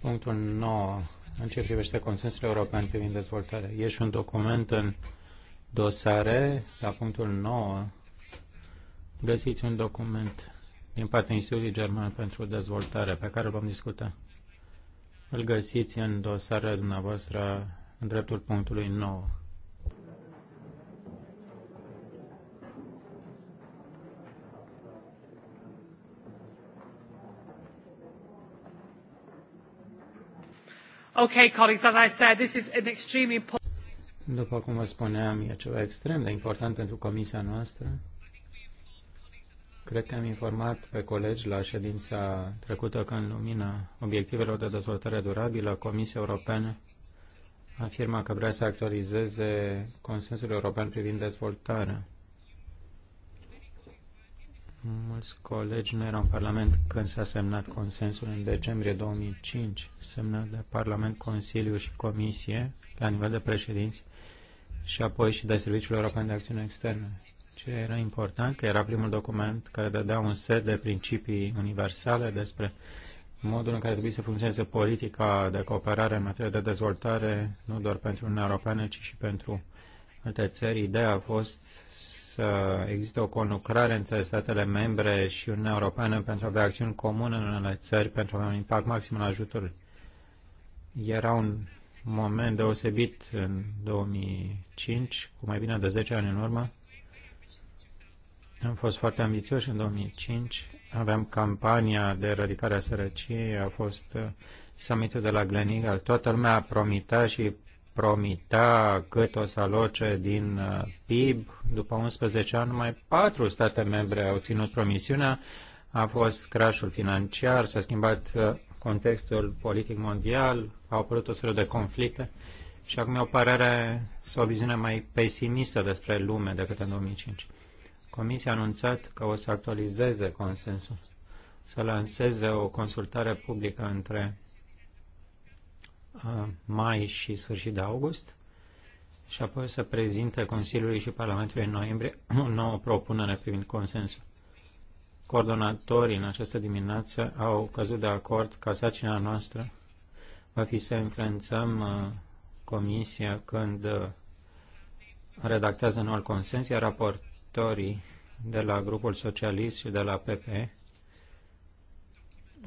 Punctul 9 în ce privește consensul european privind dezvoltare. E și un document în dosare, la punctul 9, găsiți un document din partea Institutului German pentru Dezvoltare, pe care îl vom discuta. Îl găsiți în dosarea dumneavoastră în dreptul punctului 9. Okay, colleagues, as I said, this is an extremely important... După cum vă spuneam, e ceva extrem de important pentru comisia noastră. Cred că am informat pe colegi la ședința trecută că în lumina obiectivelor de dezvoltare durabilă, Comisia Europeană afirma că vrea să actualizeze consensul european privind dezvoltarea. Mulți colegi nu erau în Parlament când s-a semnat consensul în decembrie 2005, semnat de Parlament, Consiliu și Comisie la nivel de președinți și apoi și de Serviciul European de Acțiune Externă. Ce era important, că era primul document care dădea un set de principii universale despre modul în care trebuie să funcționeze politica de cooperare în materie de dezvoltare, nu doar pentru Uniunea Europeană, ci și pentru alte țări. Ideea a fost să existe o conlucrare între statele membre și Uniunea Europeană pentru a avea acțiuni comune în unele țări, pentru a avea un impact maxim în ajutorul. Era un moment deosebit în 2005, cu mai bine de 10 ani în urmă. Am fost foarte ambițioși în 2005. Aveam campania de eradicare a sărăciei, a fost uh, summitul de la Gleneagle. Toată lumea promitea și promita cât o să aloce din uh, PIB. După 11 ani, numai patru state membre au ținut promisiunea. A fost crashul financiar, s-a schimbat uh, contextul politic mondial, au apărut o serie de conflicte și acum e o părere sau o viziune mai pesimistă despre lume decât în 2005. Comisia a anunțat că o să actualizeze consensul, să lanseze o consultare publică între Uh, mai și sfârșit de august și apoi să prezinte Consiliului și Parlamentului în noiembrie o nouă propunere privind consensul. Coordonatorii în această dimineață au căzut de acord ca sacina noastră va fi să influențăm uh, Comisia când uh, redactează noul consens, iar raportorii de la grupul socialist și de la PP,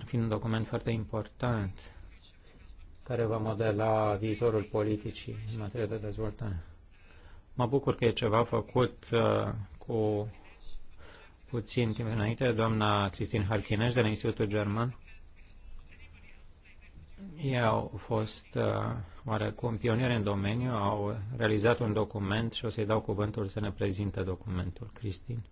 fiind un document foarte important, care va modela viitorul politicii în materie de dezvoltare. Mă bucur că e ceva făcut uh, cu puțin timp înainte, doamna Cristin Harchineș de la Institutul German. Ei au fost uh, oarecum pionieri în domeniu, au realizat un document și o să-i dau cuvântul să ne prezinte documentul. Cristin.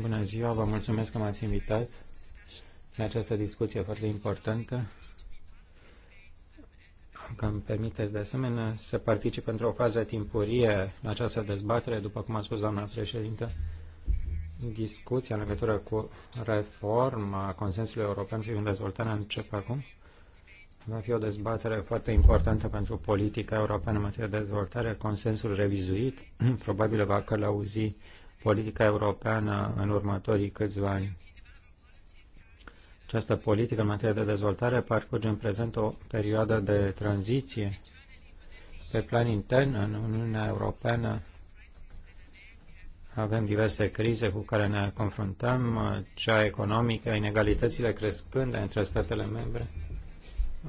Bună ziua, vă mulțumesc că m-ați invitat în această discuție foarte importantă Dacă îmi permiteți de asemenea să participe într-o fază timpurie în această dezbatere, după cum a spus doamna președintă, discuția în legătură cu reforma consensului european privind dezvoltarea începe acum. Va fi o dezbatere foarte importantă pentru politica europeană în materie de dezvoltare, consensul revizuit, probabil va călăuzi politica europeană în următorii câțiva ani. Această politică în materie de dezvoltare parcurge în prezent o perioadă de tranziție pe plan intern în Uniunea Europeană. Avem diverse crize cu care ne confruntăm, cea economică, inegalitățile crescând între statele membre.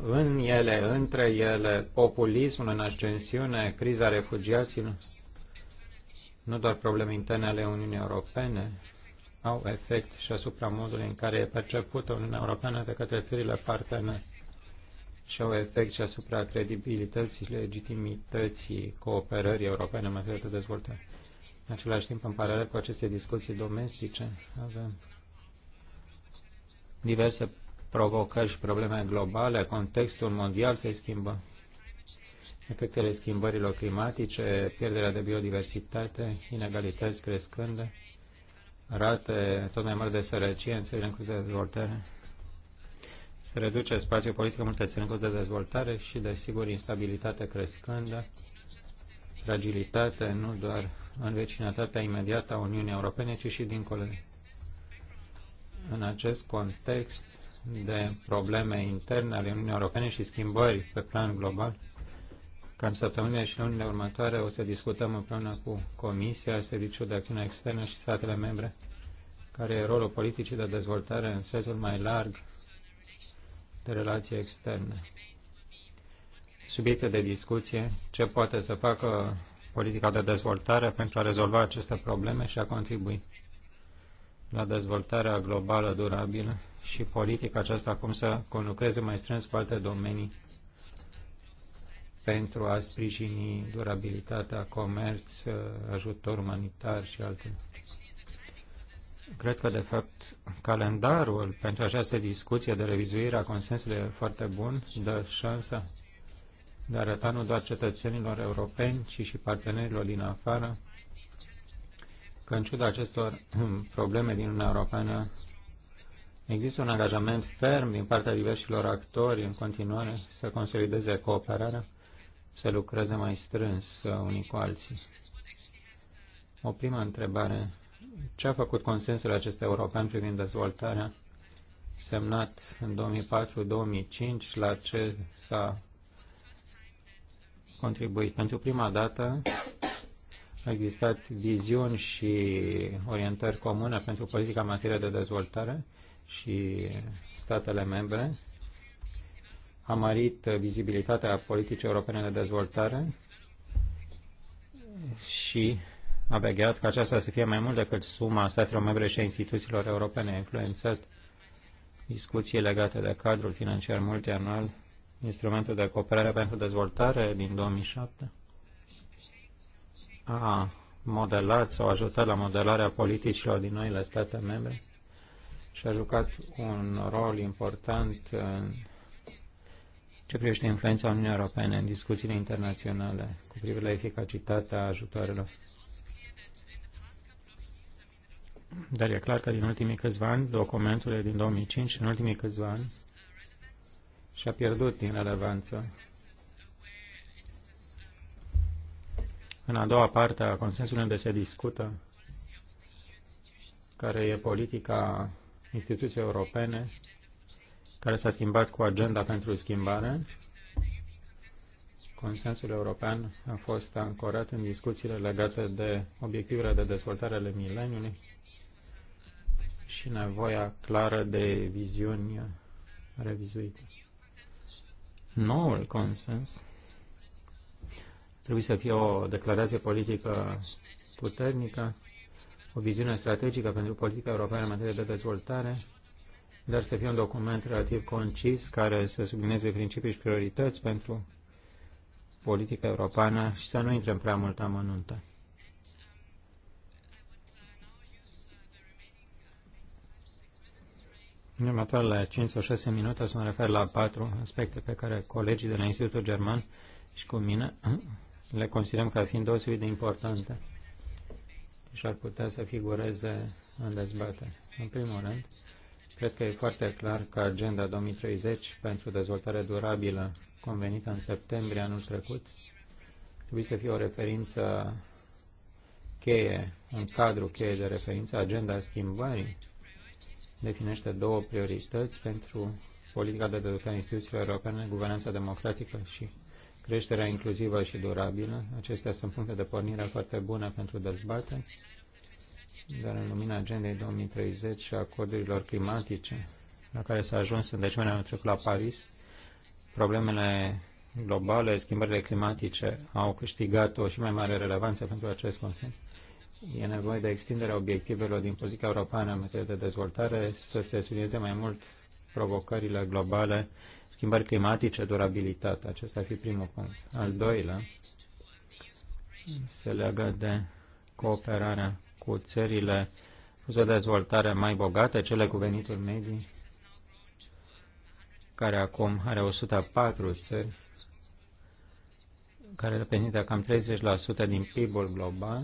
În ele, între ele, populismul în ascensiune, criza refugiaților, nu doar probleme interne ale Uniunii Europene, au efect și asupra modului în care e percepută Uniunea Europeană de către țările partener, și au efect și asupra credibilității și legitimității cooperării europene în materie de dezvoltare. În același timp, în paralel cu aceste discuții domestice, avem diverse provocări și probleme globale, contextul mondial se schimbă, efectele schimbărilor climatice, pierderea de biodiversitate, inegalități crescânde, rate tot mai mari de sărăcie în țările în curs de dezvoltare. Se reduce spațiul politic în multe țări în curs de dezvoltare și, desigur, instabilitate crescândă, fragilitate nu doar în vecinătatea imediată a Uniunii Europene, ci și dincolo. În acest context de probleme interne ale Uniunii Europene și schimbări pe plan global, ca în și lunile următoare o să discutăm împreună cu Comisia, Serviciul de Acțiune Externă și statele membre, care e rolul politicii de dezvoltare în setul mai larg de relații externe. Subiecte de discuție, ce poate să facă politica de dezvoltare pentru a rezolva aceste probleme și a contribui la dezvoltarea globală durabilă și politica aceasta cum să conlucreze mai strâns cu alte domenii pentru a sprijini durabilitatea, comerț, ajutor umanitar și alte. Cred că, de fapt, calendarul pentru această discuție de revizuire a consensului e foarte bun, dă șansa de a arăta nu doar cetățenilor europeni, ci și partenerilor din afară că, în ciuda acestor probleme din Uniunea Europeană, Există un angajament ferm din partea diversilor actori în continuare să consolideze cooperarea să lucreze mai strâns uh, unii cu alții. O primă întrebare. Ce a făcut consensul acesta european privind dezvoltarea semnat în 2004-2005 la ce s-a contribuit? Pentru prima dată au existat viziuni și orientări comune pentru politica în materie de dezvoltare și statele membre a mărit vizibilitatea politicii europene de dezvoltare și a vegheat ca aceasta să fie mai mult decât suma statelor membre și a instituțiilor europene, a influențat discuții legate de cadrul financiar multianual, instrumentul de cooperare pentru dezvoltare din 2007, a modelat sau ajutat la modelarea politicilor din noile state membre și a jucat un rol important în ce privește influența Uniunii Europene în discuțiile internaționale cu privire la eficacitatea ajutoarelor. Dar e clar că din ultimii câțiva ani, documentele din 2005 și în ultimii câțiva ani și-a pierdut din relevanță. În a doua parte a consensului unde se discută care e politica instituției europene care s-a schimbat cu agenda pentru schimbare. Consensul european a fost ancorat în discuțiile legate de obiectivele de dezvoltare ale mileniului și nevoia clară de viziuni revizuite. Noul consens trebuie să fie o declarație politică puternică, o viziune strategică pentru politica europeană în materie de dezvoltare dar să fie un document relativ concis care să sublineze principii și priorități pentru politica europeană și să nu intrăm prea mult amănuntă. În următoarele 5 sau 6 minute o să mă refer la patru aspecte pe care colegii de la Institutul German și cu mine le considerăm ca fiind deosebit de importante și ar putea să figureze în dezbatere. În primul rând, Cred că e foarte clar că agenda 2030 pentru dezvoltare durabilă convenită în septembrie anul trecut trebuie să fie o referință cheie, un cadru cheie de referință, agenda schimbării definește două priorități pentru politica de dezvoltare a instituțiilor europene, guvernanța democratică și creșterea inclusivă și durabilă. Acestea sunt puncte de pornire foarte bune pentru dezbatere dar în lumina agendei 2030 și acordurilor climatice la care s-a ajuns în decembrie anul trecut la Paris, problemele globale, schimbările climatice au câștigat o și mai mare relevanță pentru acest consens. E nevoie de extinderea obiectivelor din politica europeană în materie de dezvoltare, să se sublinieze mai mult provocările globale, schimbări climatice, durabilitate. Acesta ar fi primul punct. Al doilea se leagă de cooperarea cu țările de dezvoltare mai bogate, cele cu venituri medii, care acum are 104 țări, care reprezintă cam 30% din PIB-ul global,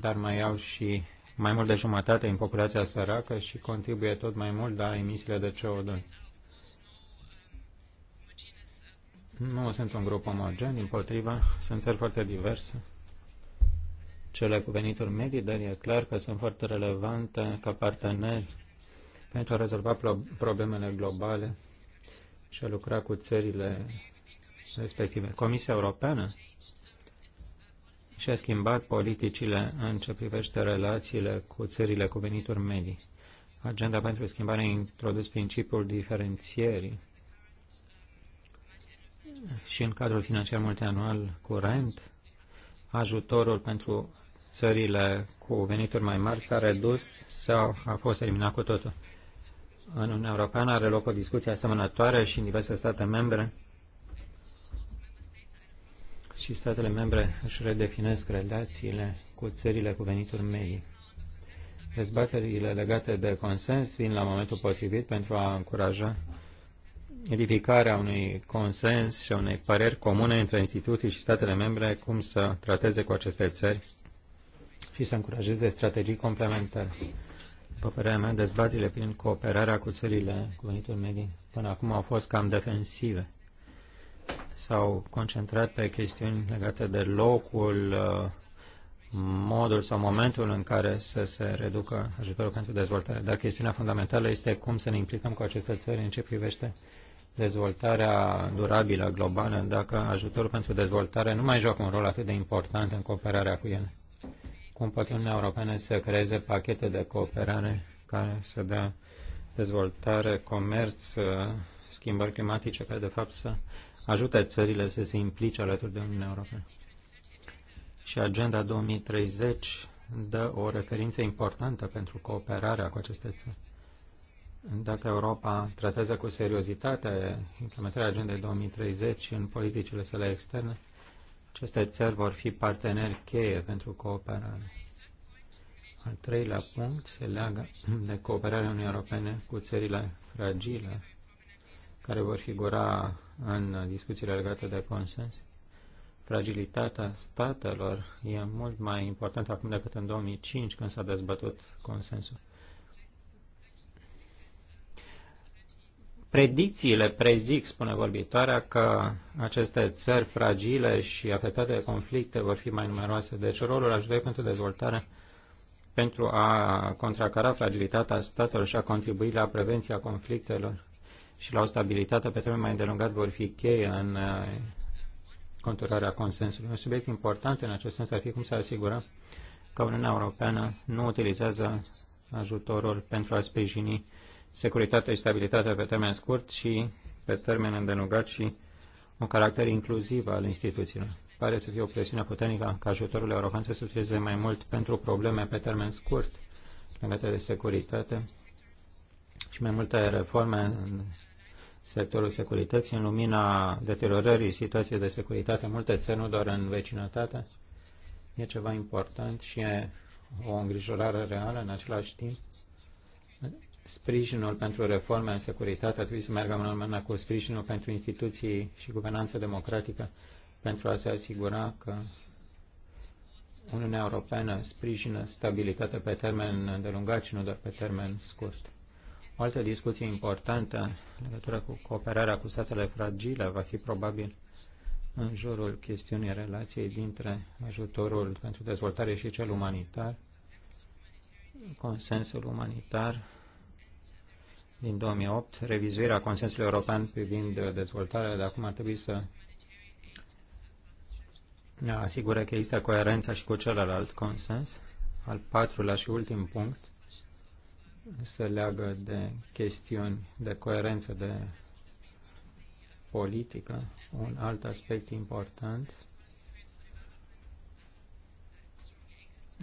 dar mai au și mai mult de jumătate în populația săracă și contribuie tot mai mult la emisiile de CO2. Nu sunt un grup omogen, din potriva, sunt țări foarte diverse cele cu venituri medii, dar e clar că sunt foarte relevante ca parteneri pentru a rezolva problemele globale și a lucra cu țările respective. Comisia Europeană și-a schimbat politicile în ce privește relațiile cu țările cu venituri medii. Agenda pentru schimbare a introdus principiul diferențierii și în cadrul financiar multianual curent, ajutorul pentru țările cu venituri mai mari s-a redus sau a fost eliminat cu totul. În Uniunea Europeană are loc o discuție asemănătoare și în diverse state membre și statele membre își redefinesc relațiile cu țările cu venituri medii. Dezbaterile legate de consens vin la momentul potrivit pentru a încuraja edificarea unui consens și unei păreri comune între instituții și statele membre cum să trateze cu aceste țări și să încurajeze strategii complementare. După părerea mea, dezbaterile prin cooperarea cu țările cu venitul medii până acum au fost cam defensive. S-au concentrat pe chestiuni legate de locul, modul sau momentul în care să se reducă ajutorul pentru dezvoltare. Dar chestiunea fundamentală este cum să ne implicăm cu aceste țări în ce privește dezvoltarea durabilă globală, dacă ajutorul pentru dezvoltare nu mai joacă un rol atât de important în cooperarea cu ele cum poate Uniunea Europeană să creeze pachete de cooperare care să dea dezvoltare, comerț, uh, schimbări climatice, care de fapt să ajute țările să se implice alături de Uniunea Europeană. Și Agenda 2030 dă o referință importantă pentru cooperarea cu aceste țări. Dacă Europa tratează cu seriozitate implementarea Agendei 2030 în politicile sale externe, aceste țări vor fi parteneri cheie pentru cooperare. Al treilea punct se leagă de cooperarea Uniunii Europene cu țările fragile, care vor figura în discuțiile legate de consens. Fragilitatea statelor e mult mai importantă acum decât în 2005, când s-a dezbătut consensul. Predicțiile prezic, spune vorbitoarea, că aceste țări fragile și afectate de conflicte vor fi mai numeroase. Deci rolul ajutorului pentru dezvoltare pentru a contracara fragilitatea statelor și a contribui la prevenția conflictelor și la o stabilitate pe termen mai îndelungat vor fi cheie în uh, conturarea consensului. Un subiect important în acest sens ar fi cum să asigurăm că Uniunea Europeană nu utilizează ajutorul pentru a sprijini Securitatea și stabilitatea pe termen scurt și pe termen îndelungat și un caracter inclusiv al instituțiilor. Pare să fie o presiune puternică ca ajutorul european să se mai mult pentru probleme pe termen scurt legate de securitate și mai multe reforme în sectorul securității în lumina deteriorării situației de securitate în multe țări, nu doar în vecinătate. E ceva important și e o îngrijorare reală în același timp sprijinul pentru reforme în securitate ar trebui să meargă în mână cu sprijinul pentru instituții și guvernanță democratică pentru a se asigura că Uniunea Europeană sprijină stabilitatea pe termen îndelungat și nu doar pe termen scurt. O altă discuție importantă în legătură cu cooperarea cu statele fragile va fi probabil în jurul chestiunii relației dintre ajutorul pentru dezvoltare și cel umanitar, consensul umanitar din 2008, revizuirea Consensului European privind dezvoltarea, de acum ar trebui să ne asigure că există coerența și cu celălalt consens. Al patrulea și ultim punct se leagă de chestiuni de coerență de politică. Un alt aspect important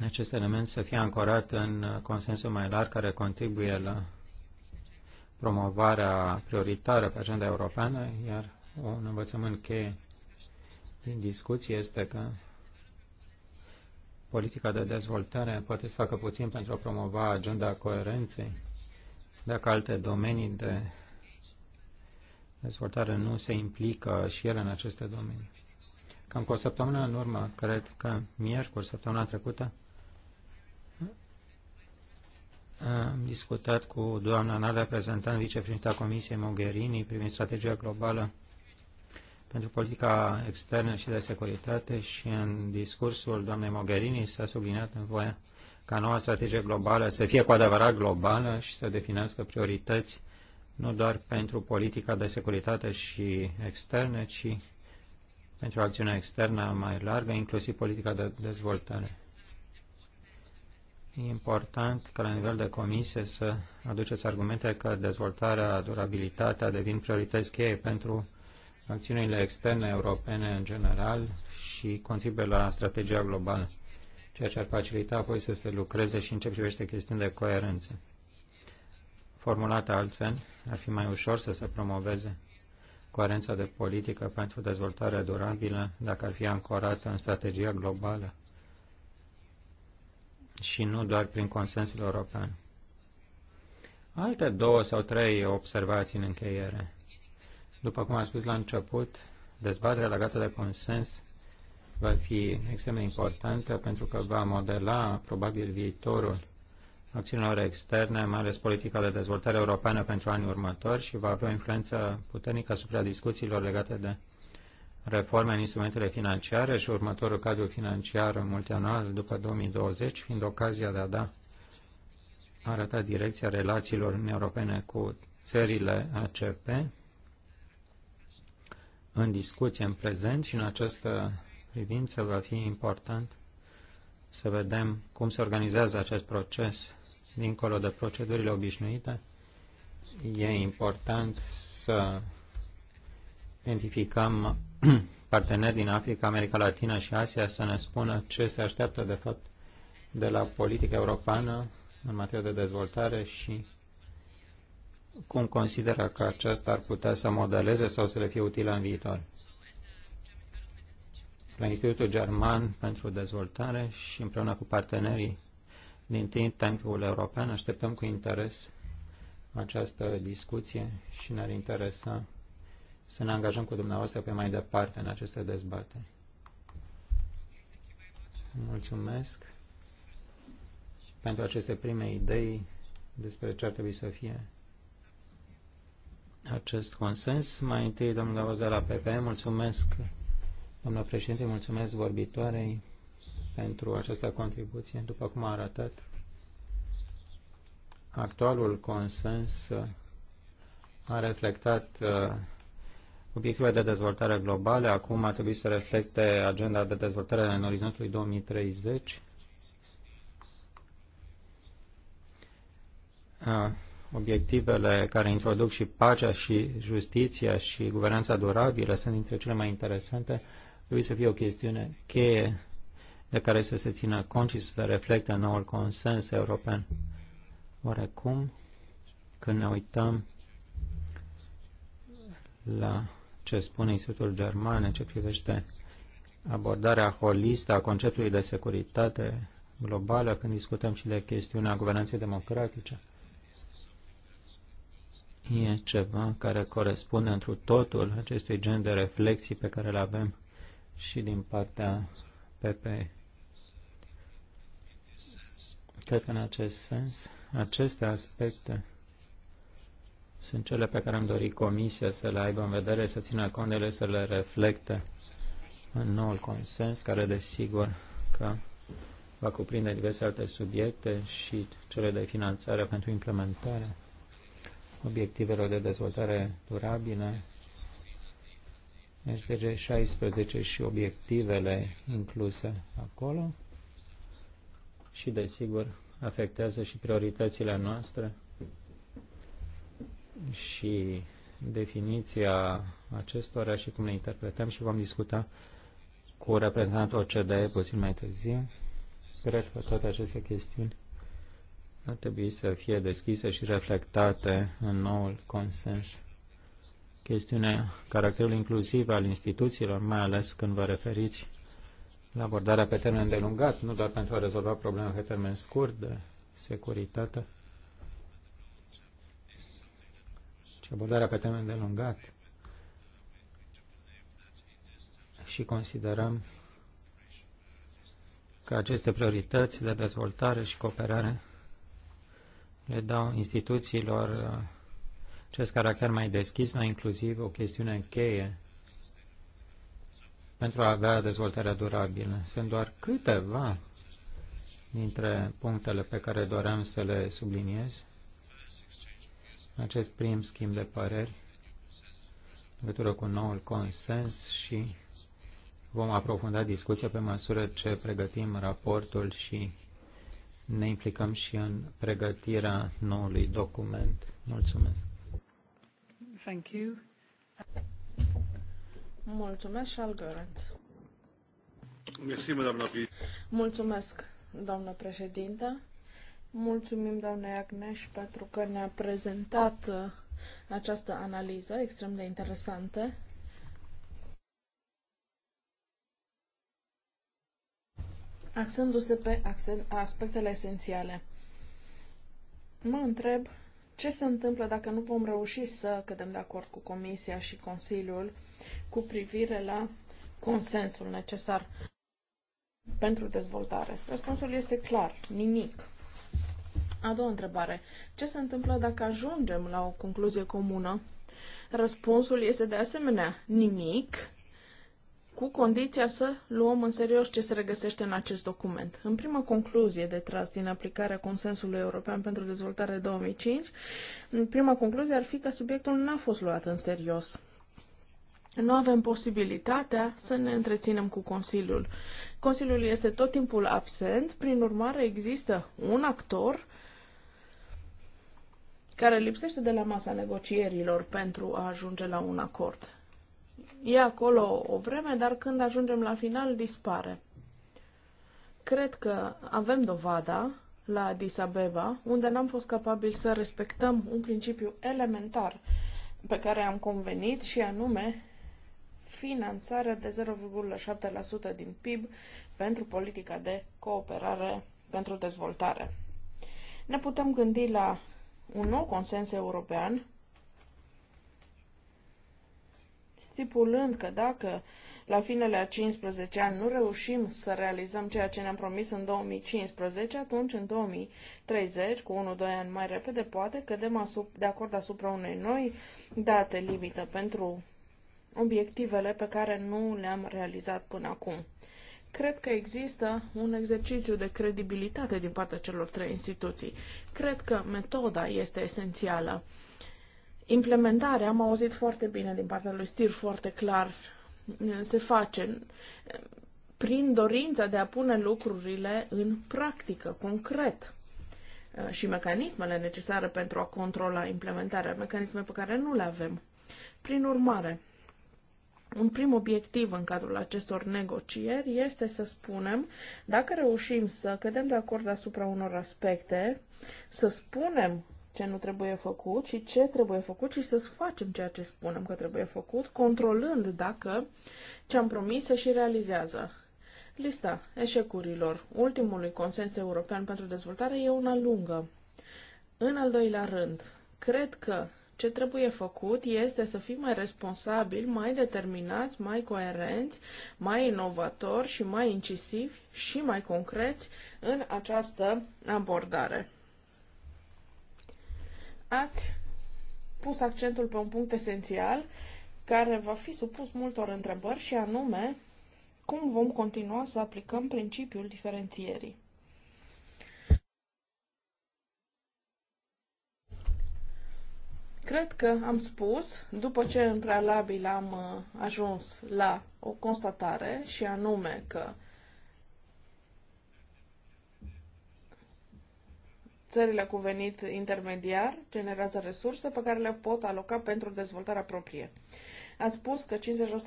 acest element să fie ancorat în consensul mai larg care contribuie la promovarea prioritară pe agenda europeană, iar un învățământ cheie din discuție este că politica de dezvoltare poate să facă puțin pentru a promova agenda coerenței, dacă alte domenii de dezvoltare nu se implică și ele în aceste domenii. Cam cu o săptămână în urmă, cred că miercuri, săptămâna trecută, am discutat cu doamna înalt reprezentant, vicepreședinta Comisiei Mogherini, privind strategia globală pentru politica externă și de securitate și în discursul doamnei Mogherini s-a subliniat nevoia ca noua strategie globală să fie cu adevărat globală și să definească priorități nu doar pentru politica de securitate și externă, ci pentru acțiunea externă mai largă, inclusiv politica de dezvoltare. E important ca la nivel de comisie să aduceți argumente că dezvoltarea, durabilitatea devin priorități cheie pentru acțiunile externe europene în general și contribuie la strategia globală, ceea ce ar facilita apoi să se lucreze și în ce privește chestiuni de coerență. Formulată altfel, ar fi mai ușor să se promoveze coerența de politică pentru dezvoltare durabilă dacă ar fi ancorată în strategia globală și nu doar prin consensul european. Alte două sau trei observații în încheiere. După cum am spus la început, dezbaterea legată de consens va fi extrem de importantă pentru că va modela probabil viitorul acțiunilor externe, mai ales politica de dezvoltare europeană pentru anii următori și va avea o influență puternică asupra discuțiilor legate de reforme în instrumentele financiare și următorul cadru financiar multianual după 2020, fiind ocazia de a da arăta direcția relațiilor Europene cu țările ACP în discuție în prezent și în această privință va fi important să vedem cum se organizează acest proces dincolo de procedurile obișnuite. E important să identificăm parteneri din Africa, America Latină și Asia să ne spună ce se așteaptă de fapt de la politica europeană în materie de dezvoltare și cum consideră că aceasta ar putea să modeleze sau să le fie utilă în viitor. La Institutul German pentru Dezvoltare și împreună cu partenerii din Think tank European așteptăm cu interes această discuție și ne-ar interesa să ne angajăm cu dumneavoastră pe mai departe în aceste dezbateri. Mulțumesc pentru aceste prime idei despre ce ar trebui să fie acest consens. Mai întâi, domnul Gavoza la PP, mulțumesc, domnul președinte, mulțumesc vorbitoarei pentru această contribuție. După cum a arătat, actualul consens a reflectat uh, Obiectivele de dezvoltare globale acum ar trebui să reflecte agenda de dezvoltare în orizontului 2030. Obiectivele care introduc și pacea și justiția și guvernanța durabilă sunt dintre cele mai interesante. Trebuie să fie o chestiune cheie de care să se țină cont și să reflecte noul consens european. Oarecum, când ne uităm la ce spune Institutul German în ce privește abordarea holistă a conceptului de securitate globală când discutăm și de chestiunea guvernanței democratice. E ceva care corespunde întru totul acestui gen de reflexii pe care le avem și din partea PP. Cred că în acest sens, aceste aspecte sunt cele pe care am dorit comisia să le aibă în vedere, să țină cont de ele, să le reflecte în noul consens, care desigur că va cuprinde diverse alte subiecte și cele de finanțare pentru implementare, obiectivelor de dezvoltare durabilă, SDG 16 și obiectivele incluse acolo și, desigur, afectează și prioritățile noastre și definiția acestora și cum le interpretăm și vom discuta cu reprezentantul OCDE puțin mai târziu. Cred că toate aceste chestiuni ar trebui să fie deschise și reflectate în noul consens. Chestiunea caracterului inclusiv al instituțiilor, mai ales când vă referiți la abordarea pe termen delungat, nu doar pentru a rezolva probleme pe termen scurt de securitate, și deci, abordarea pe termen de lungat și considerăm că aceste priorități de dezvoltare și cooperare le dau instituțiilor uh, acest caracter mai deschis, mai inclusiv, o chestiune cheie pentru a avea dezvoltarea durabilă. Sunt doar câteva dintre punctele pe care doream să le subliniez acest prim schimb de păreri în legătură cu noul consens și vom aprofunda discuția pe măsură ce pregătim raportul și ne implicăm și în pregătirea noului document. Mulțumesc! Thank you. Mulțumesc, Charles Görens. Mulțumesc, doamnă președintă. Mulțumim, doamne Agneș, pentru că ne-a prezentat uh, această analiză extrem de interesantă. axându-se pe aspectele esențiale. Mă întreb ce se întâmplă dacă nu vom reuși să cădem de acord cu Comisia și Consiliul cu privire la consensul necesar pentru dezvoltare. Răspunsul este clar, nimic. A doua întrebare. Ce se întâmplă dacă ajungem la o concluzie comună? Răspunsul este de asemenea nimic, cu condiția să luăm în serios ce se regăsește în acest document. În prima concluzie de tras din aplicarea Consensului European pentru Dezvoltare 2005, prima concluzie ar fi că subiectul nu a fost luat în serios. Nu avem posibilitatea să ne întreținem cu Consiliul. Consiliul este tot timpul absent, prin urmare există un actor care lipsește de la masa negocierilor pentru a ajunge la un acord. E acolo o vreme, dar când ajungem la final, dispare. Cred că avem dovada la Addis Abeba, unde n-am fost capabili să respectăm un principiu elementar pe care am convenit și anume finanțarea de 0,7% din PIB pentru politica de cooperare pentru dezvoltare. Ne putem gândi la un nou consens european, stipulând că dacă la finele a 15 ani nu reușim să realizăm ceea ce ne-am promis în 2015, atunci în 2030, cu 1-2 ani mai repede, poate cădem de acord asupra unei noi date limită pentru obiectivele pe care nu le-am realizat până acum. Cred că există un exercițiu de credibilitate din partea celor trei instituții. Cred că metoda este esențială. Implementarea, am auzit foarte bine din partea lui Stir, foarte clar, se face prin dorința de a pune lucrurile în practică, concret și mecanismele necesare pentru a controla implementarea, mecanisme pe care nu le avem. Prin urmare, un prim obiectiv în cadrul acestor negocieri este să spunem, dacă reușim să cădem de acord asupra unor aspecte, să spunem ce nu trebuie făcut și ce trebuie făcut și să facem ceea ce spunem că trebuie făcut, controlând dacă ce am promis se și realizează. Lista eșecurilor ultimului consens european pentru dezvoltare e una lungă. În al doilea rând, cred că ce trebuie făcut este să fim mai responsabili, mai determinați, mai coerenți, mai inovatori și mai incisivi și mai concreți în această abordare. Ați pus accentul pe un punct esențial care va fi supus multor întrebări și anume cum vom continua să aplicăm principiul diferențierii. Cred că am spus, după ce în prealabil am uh, ajuns la o constatare și anume că țările cu venit intermediar generează resurse pe care le pot aloca pentru dezvoltarea proprie. Ați spus că 50%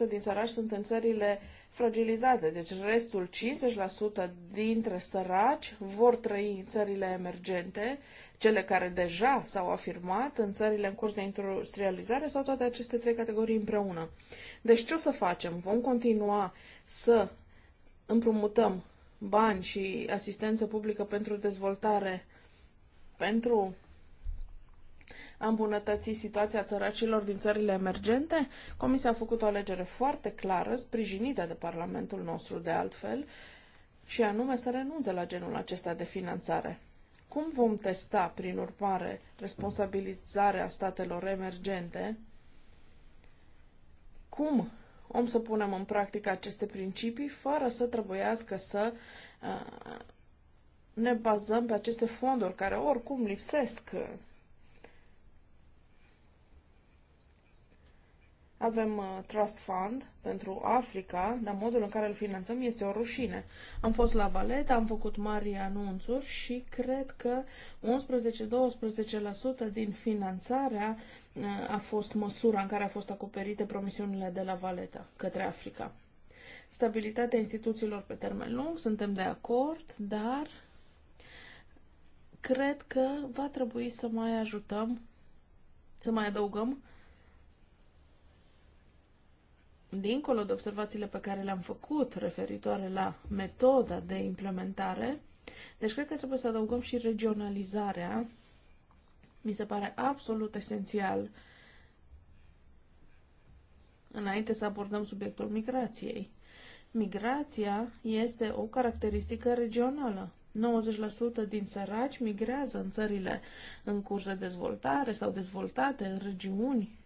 din săraci sunt în țările fragilizate, deci restul 50% dintre săraci vor trăi în țările emergente, cele care deja s-au afirmat în țările în curs de industrializare sau toate aceste trei categorii împreună. Deci ce o să facem? Vom continua să împrumutăm bani și asistență publică pentru dezvoltare pentru a îmbunătăți situația țăracilor din țările emergente? Comisia a făcut o alegere foarte clară, sprijinită de Parlamentul nostru de altfel, și anume să renunțe la genul acesta de finanțare. Cum vom testa, prin urmare, responsabilizarea statelor emergente? Cum om să punem în practică aceste principii fără să trebuiască să uh, ne bazăm pe aceste fonduri care oricum lipsesc Avem uh, Trust Fund pentru Africa, dar modul în care îl finanțăm este o rușine. Am fost la valet, am făcut mari anunțuri și cred că 11-12% din finanțarea uh, a fost măsura în care a fost acoperite promisiunile de la Valeta către Africa. Stabilitatea instituțiilor pe termen lung, suntem de acord, dar cred că va trebui să mai ajutăm, să mai adăugăm dincolo de observațiile pe care le-am făcut referitoare la metoda de implementare, deci cred că trebuie să adăugăm și regionalizarea. Mi se pare absolut esențial înainte să abordăm subiectul migrației. Migrația este o caracteristică regională. 90% din săraci migrează în țările în curs de dezvoltare sau dezvoltate, în regiuni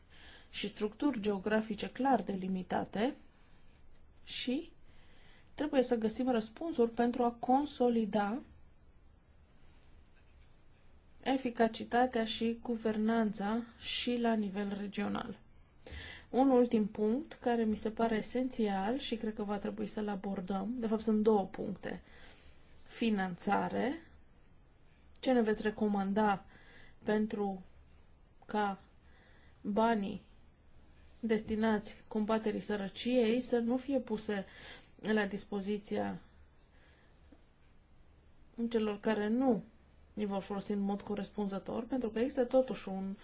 și structuri geografice clar delimitate și trebuie să găsim răspunsuri pentru a consolida eficacitatea și guvernanța și la nivel regional. Un ultim punct care mi se pare esențial și cred că va trebui să-l abordăm, de fapt sunt două puncte. Finanțare, ce ne veți recomanda pentru ca banii destinați combaterii sărăciei să nu fie puse la dispoziția celor care nu îi vor folosi în mod corespunzător, pentru că există totuși un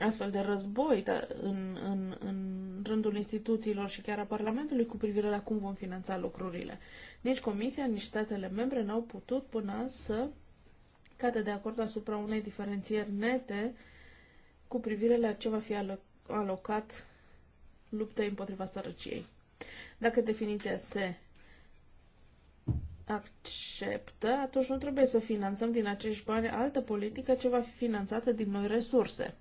astfel de război da, în, în, în rândul instituțiilor și chiar a Parlamentului cu privire la cum vom finanța lucrurile. Nici Comisia, nici statele membre n-au putut până să cadă de acord asupra unei diferențieri nete cu privire la ce va fi alocat luptei împotriva sărăciei. Dacă definiția se acceptă, atunci nu trebuie să finanțăm din acești bani altă politică ce va fi finanțată din noi resurse.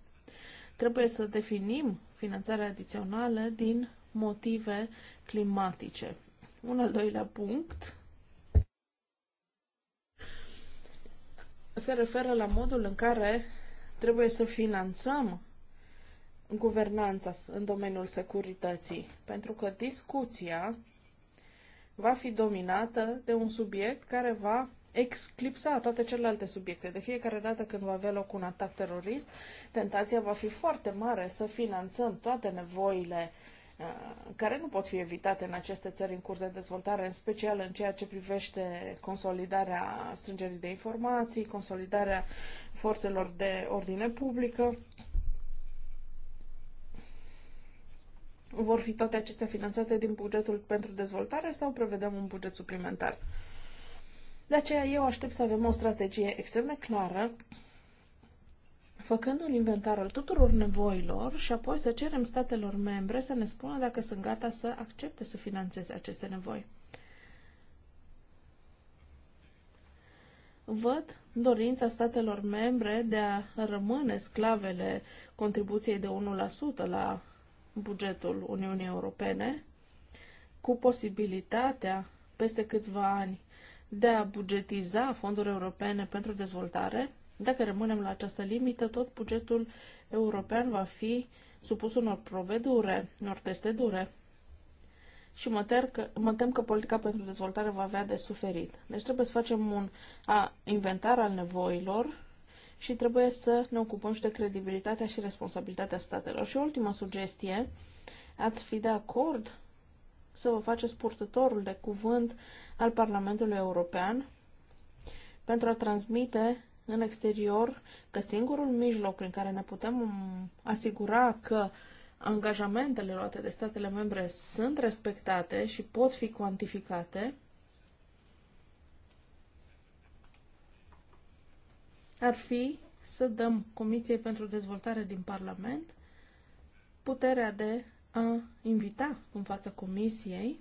Trebuie să definim finanțarea adițională din motive climatice. Un al doilea punct se referă la modul în care trebuie să finanțăm guvernanța în domeniul securității, pentru că discuția va fi dominată de un subiect care va exclipsa toate celelalte subiecte. De fiecare dată când va avea loc un atac terorist, tentația va fi foarte mare să finanțăm toate nevoile uh, care nu pot fi evitate în aceste țări în curs de dezvoltare, în special în ceea ce privește consolidarea strângerii de informații, consolidarea forțelor de ordine publică Vor fi toate acestea finanțate din bugetul pentru dezvoltare sau prevedem un buget suplimentar? De aceea eu aștept să avem o strategie extrem de clară, făcând un inventar al tuturor nevoilor și apoi să cerem statelor membre să ne spună dacă sunt gata să accepte să financeze aceste nevoi. Văd dorința statelor membre de a rămâne sclavele contribuției de 1% la bugetul Uniunii Europene, cu posibilitatea peste câțiva ani de a bugetiza fonduri europene pentru dezvoltare, dacă rămânem la această limită, tot bugetul european va fi supus unor probe dure, unor teste dure. Și mă, ter că, mă tem că politica pentru dezvoltare va avea de suferit. Deci trebuie să facem un a, inventar al nevoilor și trebuie să ne ocupăm și de credibilitatea și responsabilitatea statelor. Și ultima sugestie, ați fi de acord să vă faceți purtătorul de cuvânt al Parlamentului European pentru a transmite în exterior că singurul mijloc prin care ne putem asigura că angajamentele luate de statele membre sunt respectate și pot fi cuantificate ar fi să dăm Comisiei pentru Dezvoltare din Parlament puterea de a invita în fața Comisiei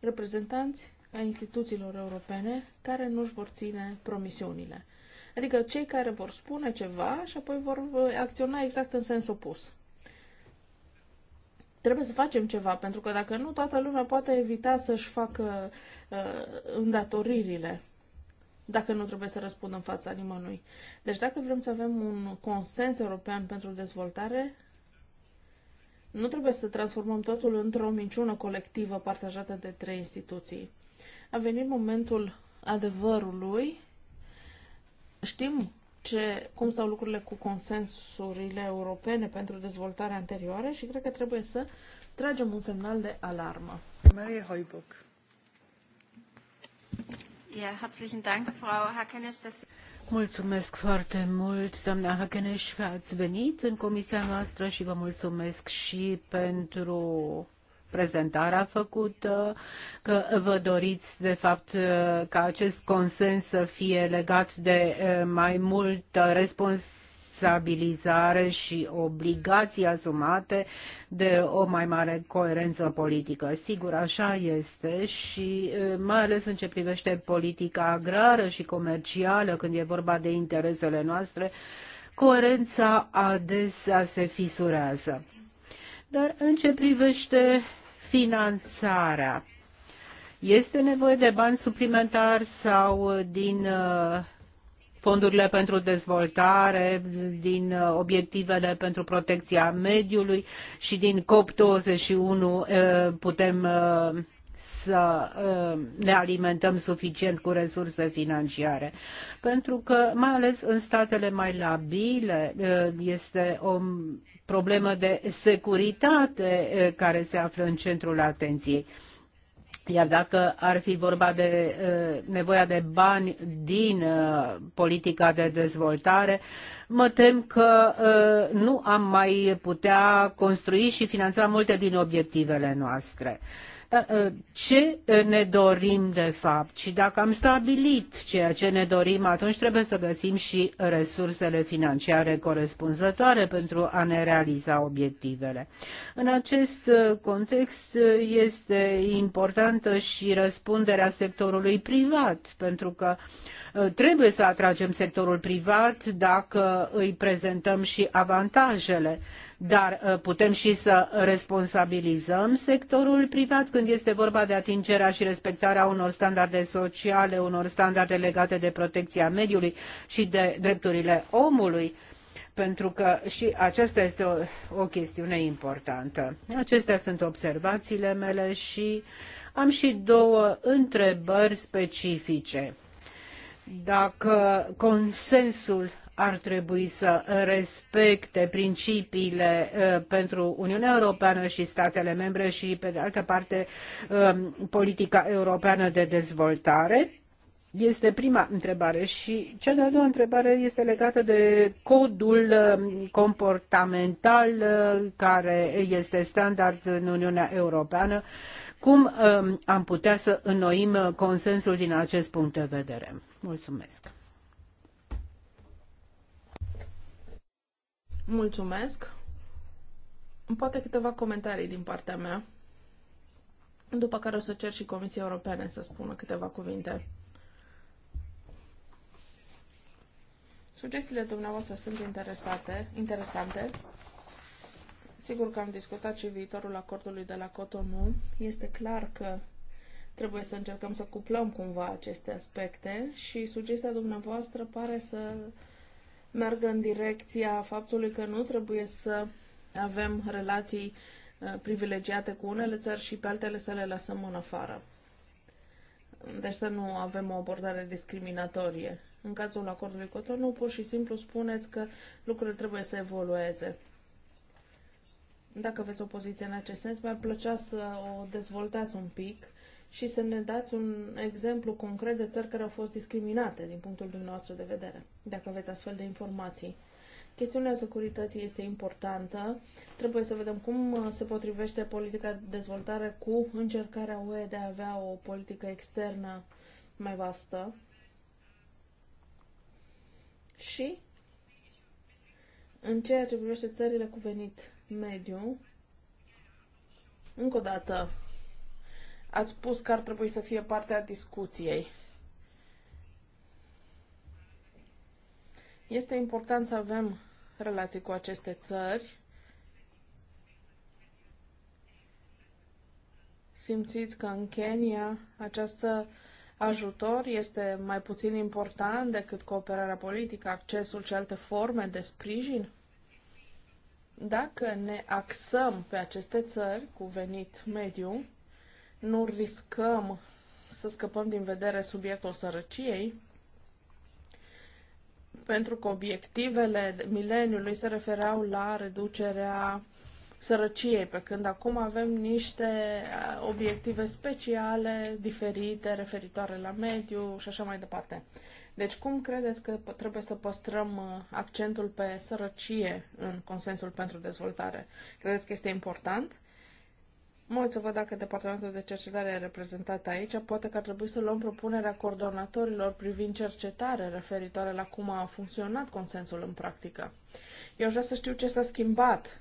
reprezentanți a instituțiilor europene care nu își vor ține promisiunile. Adică cei care vor spune ceva și apoi vor uh, acționa exact în sens opus. Trebuie să facem ceva, pentru că dacă nu, toată lumea poate evita să-și facă uh, îndatoririle dacă nu trebuie să răspundă în fața nimănui. Deci dacă vrem să avem un consens european pentru dezvoltare, nu trebuie să transformăm totul într-o minciună colectivă partajată de trei instituții. A venit momentul adevărului. Știm ce, cum stau lucrurile cu consensurile europene pentru dezvoltarea anterioară și cred că trebuie să tragem un semnal de alarmă. Marie Hoibuch. Mulțumesc foarte mult, doamna Hakeneș, că ați venit în comisia noastră și vă mulțumesc și pentru prezentarea făcută, că vă doriți, de fapt, ca acest consens să fie legat de eh, mai multă responsabilitate responsabilizare și obligații asumate de o mai mare coerență politică. Sigur, așa este și mai ales în ce privește politica agrară și comercială, când e vorba de interesele noastre, coerența adesea se fisurează. Dar în ce privește finanțarea, este nevoie de bani suplimentari sau din fondurile pentru dezvoltare, din uh, obiectivele pentru protecția mediului și din COP21 uh, putem uh, să ne alimentăm suficient cu resurse financiare. Pentru că, mai ales în statele mai labile, este o problemă de securitate care se află în centrul atenției. Iar dacă ar fi vorba de uh, nevoia de bani din uh, politica de dezvoltare, mă tem că uh, nu am mai putea construi și finanța multe din obiectivele noastre. Uh, dar uh, ce uh, ne dorim de fapt? Și dacă am stabilit ceea ce ne dorim, atunci trebuie să găsim și resursele financiare corespunzătoare pentru a ne realiza obiectivele. În acest uh, context este importantă și răspunderea sectorului privat, pentru că uh, Uh, trebuie să atragem sectorul privat dacă îi prezentăm și avantajele, dar uh, putem și să responsabilizăm sectorul privat când este vorba de atingerea și respectarea unor standarde sociale, unor standarde legate de protecția mediului și de drepturile omului pentru că și aceasta este o, o chestiune importantă. Acestea sunt observațiile mele și am și două întrebări specifice dacă consensul ar trebui să respecte principiile uh, pentru Uniunea Europeană și statele membre și, pe de altă parte, um, politica europeană de dezvoltare? Este prima întrebare și cea de-a doua întrebare este legată de codul um, comportamental uh, care este standard în Uniunea Europeană. Cum um, am putea să înnoim consensul din acest punct de vedere? Mulțumesc! Mulțumesc! Poate câteva comentarii din partea mea, după care o să cer și Comisia Europeană să spună câteva cuvinte. Sugestiile dumneavoastră sunt interesate, interesante. Sigur că am discutat și viitorul acordului de la Cotonou. Este clar că Trebuie să încercăm să cuplăm cumva aceste aspecte și sugestia dumneavoastră pare să meargă în direcția faptului că nu trebuie să avem relații uh, privilegiate cu unele țări și pe altele să le lăsăm în afară. Deci să nu avem o abordare discriminatorie. În cazul acordului Cotonou, pur și simplu spuneți că lucrurile trebuie să evolueze. Dacă aveți o poziție în acest sens, mi-ar plăcea să o dezvoltați un pic și să ne dați un exemplu concret de țări care au fost discriminate din punctul dumneavoastră de vedere, dacă aveți astfel de informații. Chestiunea securității este importantă. Trebuie să vedem cum uh, se potrivește politica de dezvoltare cu încercarea UE de a avea o politică externă mai vastă. Și în ceea ce privește țările cu venit mediu, încă o dată, ați spus că ar trebui să fie partea discuției. Este important să avem relații cu aceste țări. Simțiți că în Kenya această ajutor este mai puțin important decât cooperarea politică, accesul și alte forme de sprijin? Dacă ne axăm pe aceste țări cu venit mediu, nu riscăm să scăpăm din vedere subiectul sărăciei, pentru că obiectivele mileniului se refereau la reducerea sărăciei, pe când acum avem niște uh, obiective speciale, diferite, referitoare la mediu și așa mai departe. Deci cum credeți că trebuie să păstrăm uh, accentul pe sărăcie în consensul pentru dezvoltare? Credeți că este important? Mă uit să văd dacă departamentul de cercetare e reprezentat aici. Poate că ar trebui să luăm propunerea coordonatorilor privind cercetare referitoare la cum a funcționat consensul în practică. Eu aș vrea să știu ce s-a schimbat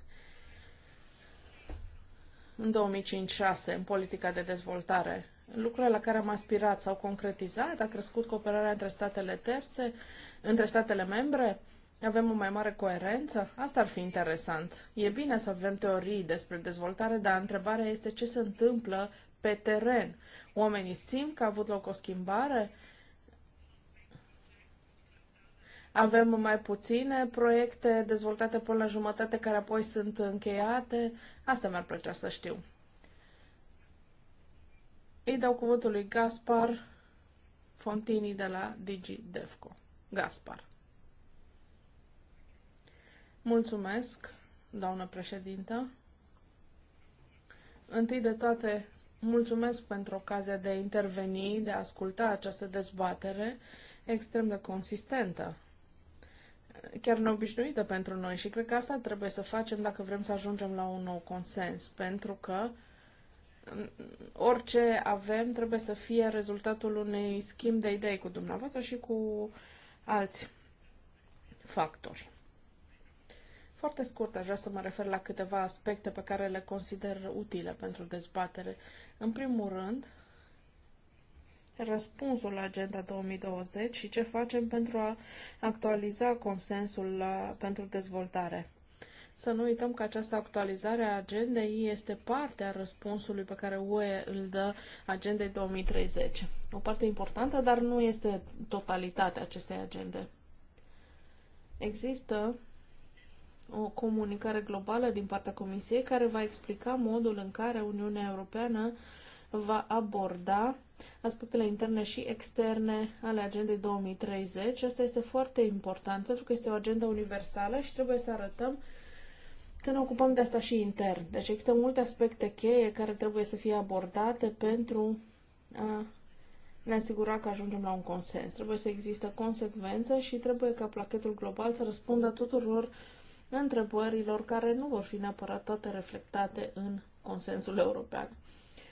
în 2005-2006 în politica de dezvoltare. Lucrurile la care am aspirat s-au concretizat? A crescut cooperarea între statele terțe, între statele membre? avem o mai mare coerență? Asta ar fi interesant. E bine să avem teorii despre dezvoltare, dar întrebarea este ce se întâmplă pe teren. Oamenii simt că a avut loc o schimbare? Avem mai puține proiecte dezvoltate până la jumătate care apoi sunt încheiate? Asta mi-ar plăcea să știu. Îi dau cuvântul lui Gaspar Fontini de la DigiDevco. Gaspar. Mulțumesc, doamnă președintă. Întâi de toate, mulțumesc pentru ocazia de a interveni, de a asculta această dezbatere extrem de consistentă chiar neobișnuită pentru noi și cred că asta trebuie să facem dacă vrem să ajungem la un nou consens, pentru că orice avem trebuie să fie rezultatul unei schimb de idei cu dumneavoastră și cu alți factori. Foarte scurt, aș vrea să mă refer la câteva aspecte pe care le consider utile pentru dezbatere. În primul rând, răspunsul la Agenda 2020 și ce facem pentru a actualiza consensul la, pentru dezvoltare. Să nu uităm că această actualizare a agendei este parte a răspunsului pe care UE îl dă agendei 2030. O parte importantă, dar nu este totalitatea acestei agende. Există o comunicare globală din partea Comisiei care va explica modul în care Uniunea Europeană va aborda aspectele interne și externe ale agendei 2030. Asta este foarte important pentru că este o agendă universală și trebuie să arătăm că ne ocupăm de asta și intern. Deci există multe aspecte cheie care trebuie să fie abordate pentru a ne asigura că ajungem la un consens. Trebuie să există consecvență și trebuie ca plachetul global să răspundă tuturor întrebărilor care nu vor fi neapărat toate reflectate în consensul european.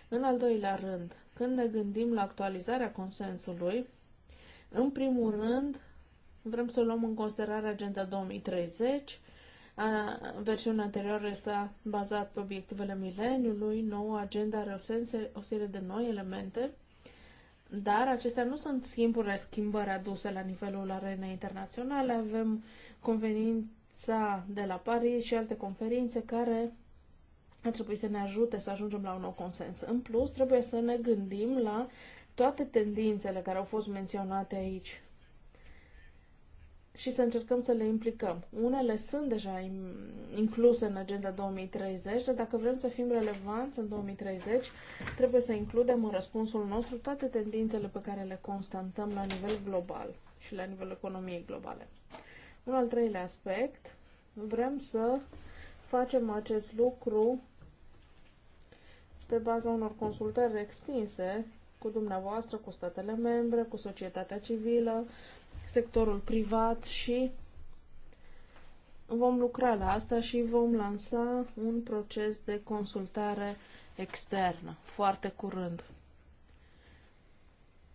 În al doilea rând, când ne gândim la actualizarea consensului, în primul rând, vrem să luăm în considerare Agenda 2030. A, versiunea anterioară s-a bazat pe obiectivele mileniului, noua agenda are o, sense, o serie de noi elemente, dar acestea nu sunt schimburile schimbări aduse la nivelul arenei internaționale. Avem convenit sa de la Paris și alte conferințe care ar trebui să ne ajute să ajungem la un nou consens. În plus, trebuie să ne gândim la toate tendințele care au fost menționate aici și să încercăm să le implicăm. Unele sunt deja incluse în Agenda 2030, dar dacă vrem să fim relevanți în 2030, trebuie să includem în răspunsul nostru toate tendințele pe care le constatăm la nivel global și la nivel economiei globale. În al treilea aspect, vrem să facem acest lucru pe baza unor consultări extinse cu dumneavoastră, cu statele membre, cu societatea civilă, sectorul privat și vom lucra la asta și vom lansa un proces de consultare externă foarte curând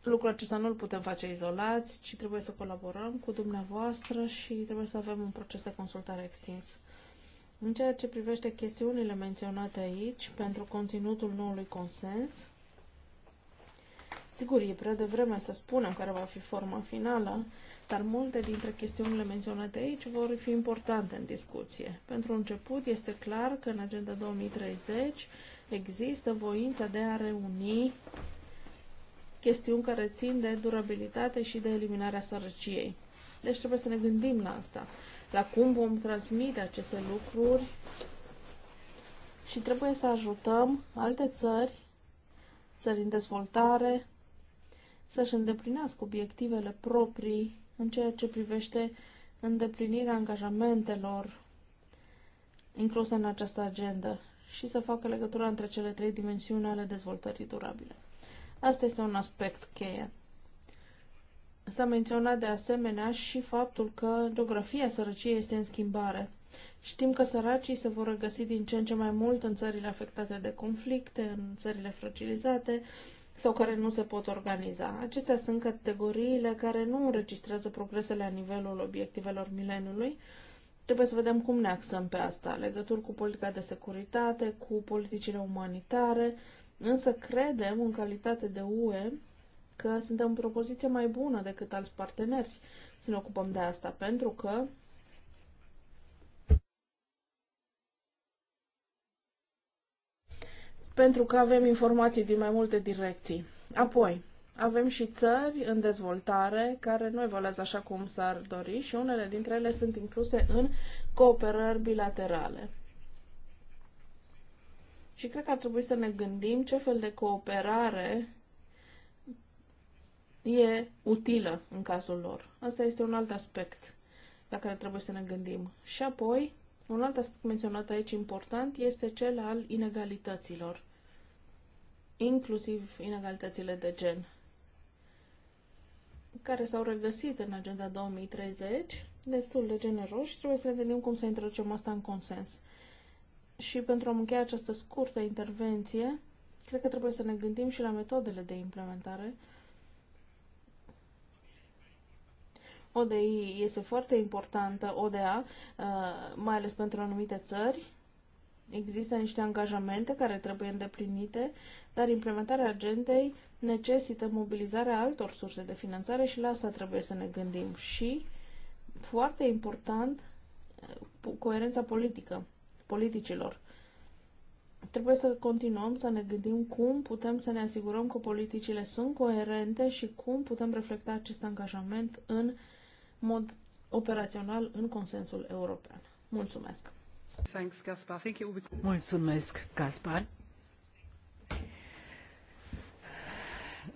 lucrul acesta nu-l putem face izolați, ci trebuie să colaborăm cu dumneavoastră și trebuie să avem un proces de consultare extins. În ceea ce privește chestiunile menționate aici, pentru conținutul noului consens, sigur, e prea devreme să spunem care va fi forma finală, dar multe dintre chestiunile menționate aici vor fi importante în discuție. Pentru început, este clar că în Agenda 2030 există voința de a reuni chestiuni care țin de durabilitate și de eliminarea sărăciei. Deci trebuie să ne gândim la asta, la cum vom transmite aceste lucruri și trebuie să ajutăm alte țări, țări în dezvoltare, să-și îndeplinească obiectivele proprii în ceea ce privește îndeplinirea angajamentelor incluse în această agendă și să facă legătura între cele trei dimensiuni ale dezvoltării durabile. Asta este un aspect cheie. S-a menționat de asemenea și faptul că geografia sărăciei este în schimbare. Știm că săracii se vor regăsi din ce în ce mai mult în țările afectate de conflicte, în țările fragilizate sau care nu se pot organiza. Acestea sunt categoriile care nu înregistrează progresele la nivelul obiectivelor mileniului. Trebuie să vedem cum ne axăm pe asta, legături cu politica de securitate, cu politicile umanitare, Însă credem, în calitate de UE, că suntem în propoziție mai bună decât alți parteneri să ne ocupăm de asta, pentru că pentru că avem informații din mai multe direcții. Apoi, avem și țări în dezvoltare care nu evoluează așa cum s-ar dori și unele dintre ele sunt incluse în cooperări bilaterale. Și cred că ar trebui să ne gândim ce fel de cooperare e utilă în cazul lor. Asta este un alt aspect la care trebuie să ne gândim. Și apoi, un alt aspect menționat aici important este cel al inegalităților, inclusiv inegalitățile de gen, care s-au regăsit în Agenda 2030, destul de generoși trebuie să ne gândim cum să introducem asta în consens. Și pentru a încheia această scurtă intervenție, cred că trebuie să ne gândim și la metodele de implementare. ODI este foarte importantă, ODA, uh, mai ales pentru anumite țări. Există niște angajamente care trebuie îndeplinite, dar implementarea agentei necesită mobilizarea altor surse de finanțare și la asta trebuie să ne gândim. Și, foarte important, uh, coerența politică politicilor. Trebuie să continuăm să ne gândim cum putem să ne asigurăm că politicile sunt coerente și cum putem reflecta acest angajament în mod operațional în consensul european. Mulțumesc! Mulțumesc, Caspar!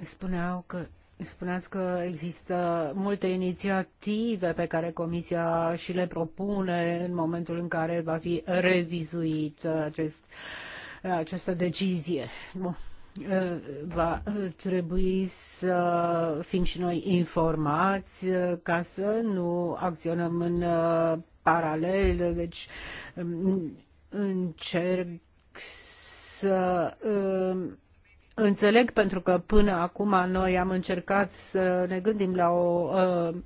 Spuneau că Spuneați că există multe inițiative pe care Comisia și le propune în momentul în care va fi revizuit acest, această decizie. Va trebui să fim și noi informați ca să nu acționăm în paralel, deci încerc să Înțeleg pentru că până acum noi am încercat să ne gândim la o uh,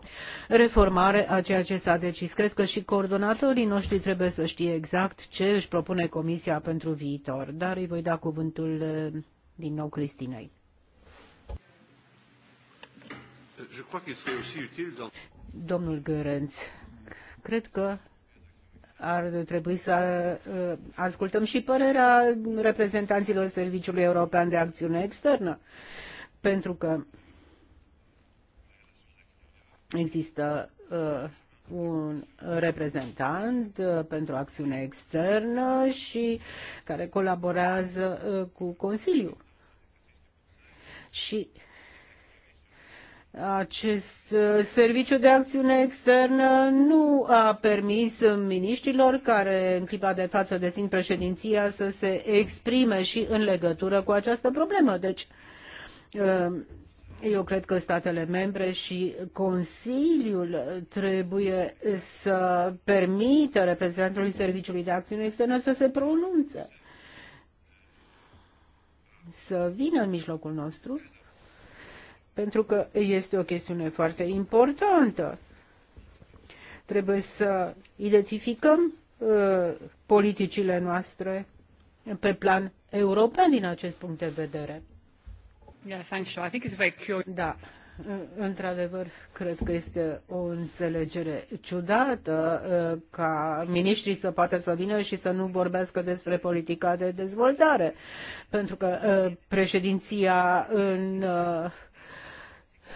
reformare a ceea ce s-a decis. Cred că și coordonatorii noștri trebuie să știe exact ce își propune Comisia pentru viitor. Dar îi voi da cuvântul uh, din nou Cristinei. Domnul Gărenț, cred că ar trebui să uh, ascultăm și părerea reprezentanților Serviciului European de Acțiune Externă, pentru că există uh, un reprezentant uh, pentru acțiune externă și care colaborează cu Consiliul. Și acest uh, serviciu de acțiune externă nu a permis miniștrilor care în clipa de față dețin președinția să se exprime și în legătură cu această problemă. Deci, uh, eu cred că statele membre și Consiliul trebuie să permită reprezentantului Serviciului de Acțiune Externă să se pronunțe, să vină în mijlocul nostru pentru că este o chestiune foarte importantă. Trebuie să identificăm uh, politicile noastre pe plan european din acest punct de vedere. Yeah, thanks, I think it's very curious. Da, uh, Într-adevăr, cred că este o înțelegere ciudată uh, ca miniștrii să poată să vină și să nu vorbească despre politica de dezvoltare, pentru că uh, președinția în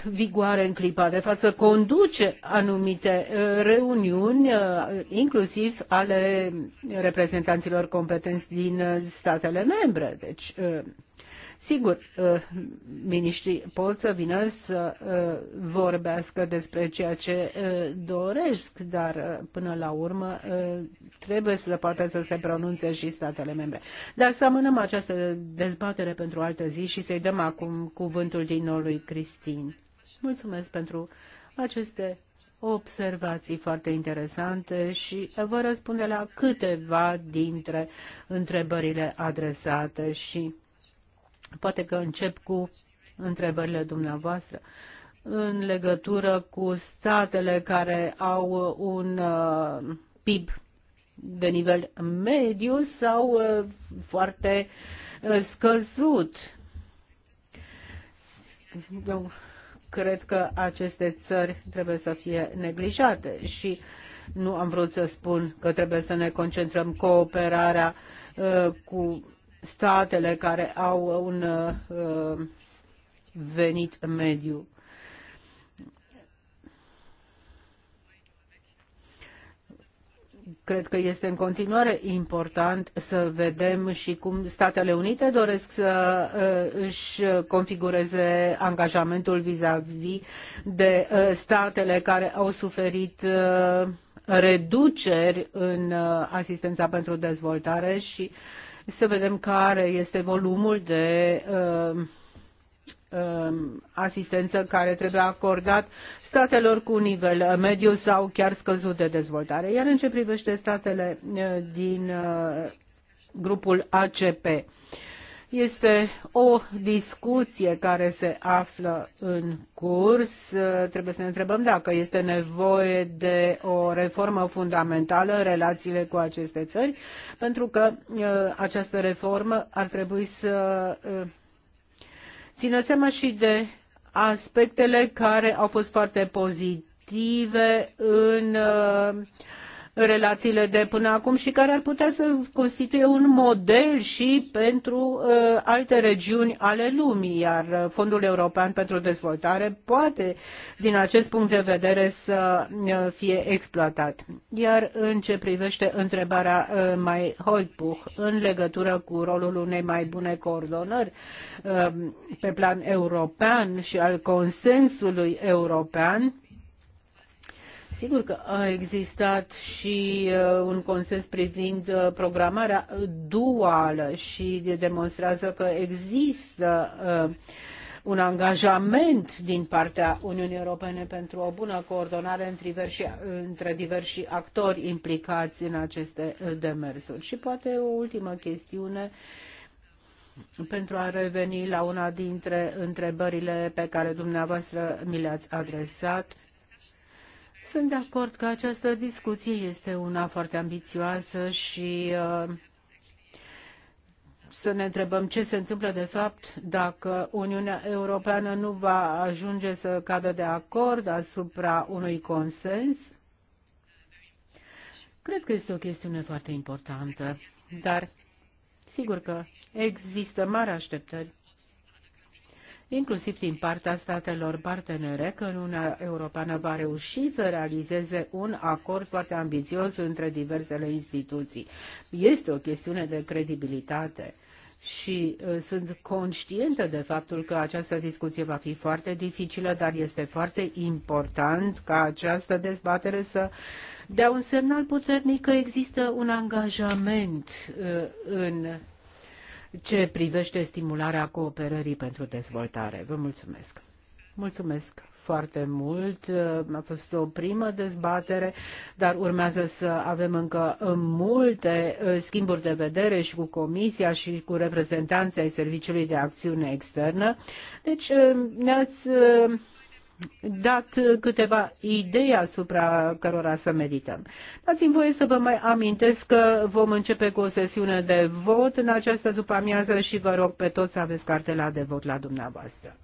vigoare în clipa de față conduce anumite uh, reuniuni, uh, inclusiv ale reprezentanților competenți din uh, statele membre. Deci Sigur, uh, miniștrii pot să vină să uh, vorbească despre ceea ce uh, doresc, dar până la urmă trebuie să poată să se pronunțe și statele membre. Dar să amânăm această dezbatere pentru altă zi și să-i dăm acum cuvântul din nou lui Cristin. Mulțumesc pentru aceste observații foarte interesante și vă răspunde la câteva dintre întrebările adresate și Poate că încep cu întrebările dumneavoastră în legătură cu statele care au un uh, PIB de nivel mediu sau uh, foarte uh, scăzut. Eu cred că aceste țări trebuie să fie neglijate și nu am vrut să spun că trebuie să ne concentrăm cooperarea cu statele care au un uh, venit mediu. Cred că este în continuare important să vedem și cum Statele Unite doresc să uh, își configureze angajamentul vis-a-vis -vis de uh, statele care au suferit uh, reduceri în asistența pentru dezvoltare și uh, să vedem care este volumul de uh, uh, asistență care trebuie acordat statelor cu nivel mediu sau chiar scăzut de dezvoltare. Iar în ce privește statele uh, din grupul ACP, este o discuție care se află în curs. Trebuie să ne întrebăm dacă este nevoie de o reformă fundamentală în relațiile cu aceste țări, pentru că uh, această reformă ar trebui să uh, țină seama și de aspectele care au fost foarte pozitive în uh, relațiile de până acum și care ar putea să constituie un model și pentru uh, alte regiuni ale lumii, iar Fondul European pentru Dezvoltare poate, din acest punct de vedere, să uh, fie exploatat. Iar în ce privește întrebarea uh, mai Holbuch în legătură cu rolul unei mai bune coordonări uh, pe plan european și al consensului european, Sigur că a existat și uh, un consens privind uh, programarea duală și demonstrează că există uh, un angajament din partea Uniunii Europene pentru o bună coordonare între diversi, între diversi actori implicați în aceste demersuri. Și poate o ultimă chestiune pentru a reveni la una dintre întrebările pe care dumneavoastră mi le-ați adresat sunt de acord că această discuție este una foarte ambițioasă și uh, să ne întrebăm ce se întâmplă de fapt dacă Uniunea Europeană nu va ajunge să cadă de acord asupra unui consens. Cred că este o chestiune foarte importantă, dar sigur că există mari așteptări inclusiv din partea statelor partenere, că Uniunea Europeană va reuși să realizeze un acord foarte ambițios între diversele instituții. Este o chestiune de credibilitate și uh, sunt conștientă de faptul că această discuție va fi foarte dificilă, dar este foarte important ca această dezbatere să dea un semnal puternic că există un angajament uh, în ce privește stimularea cooperării pentru dezvoltare. Vă mulțumesc! Mulțumesc foarte mult. A fost o primă dezbatere, dar urmează să avem încă multe uh, schimburi de vedere și cu Comisia și cu reprezentanții ai Serviciului de Acțiune Externă. Deci uh, ne-ați uh, dat câteva idei asupra cărora să medităm. Dați-mi voie să vă mai amintesc că vom începe cu o sesiune de vot în această după amiază și vă rog pe toți să aveți cartela de vot la dumneavoastră.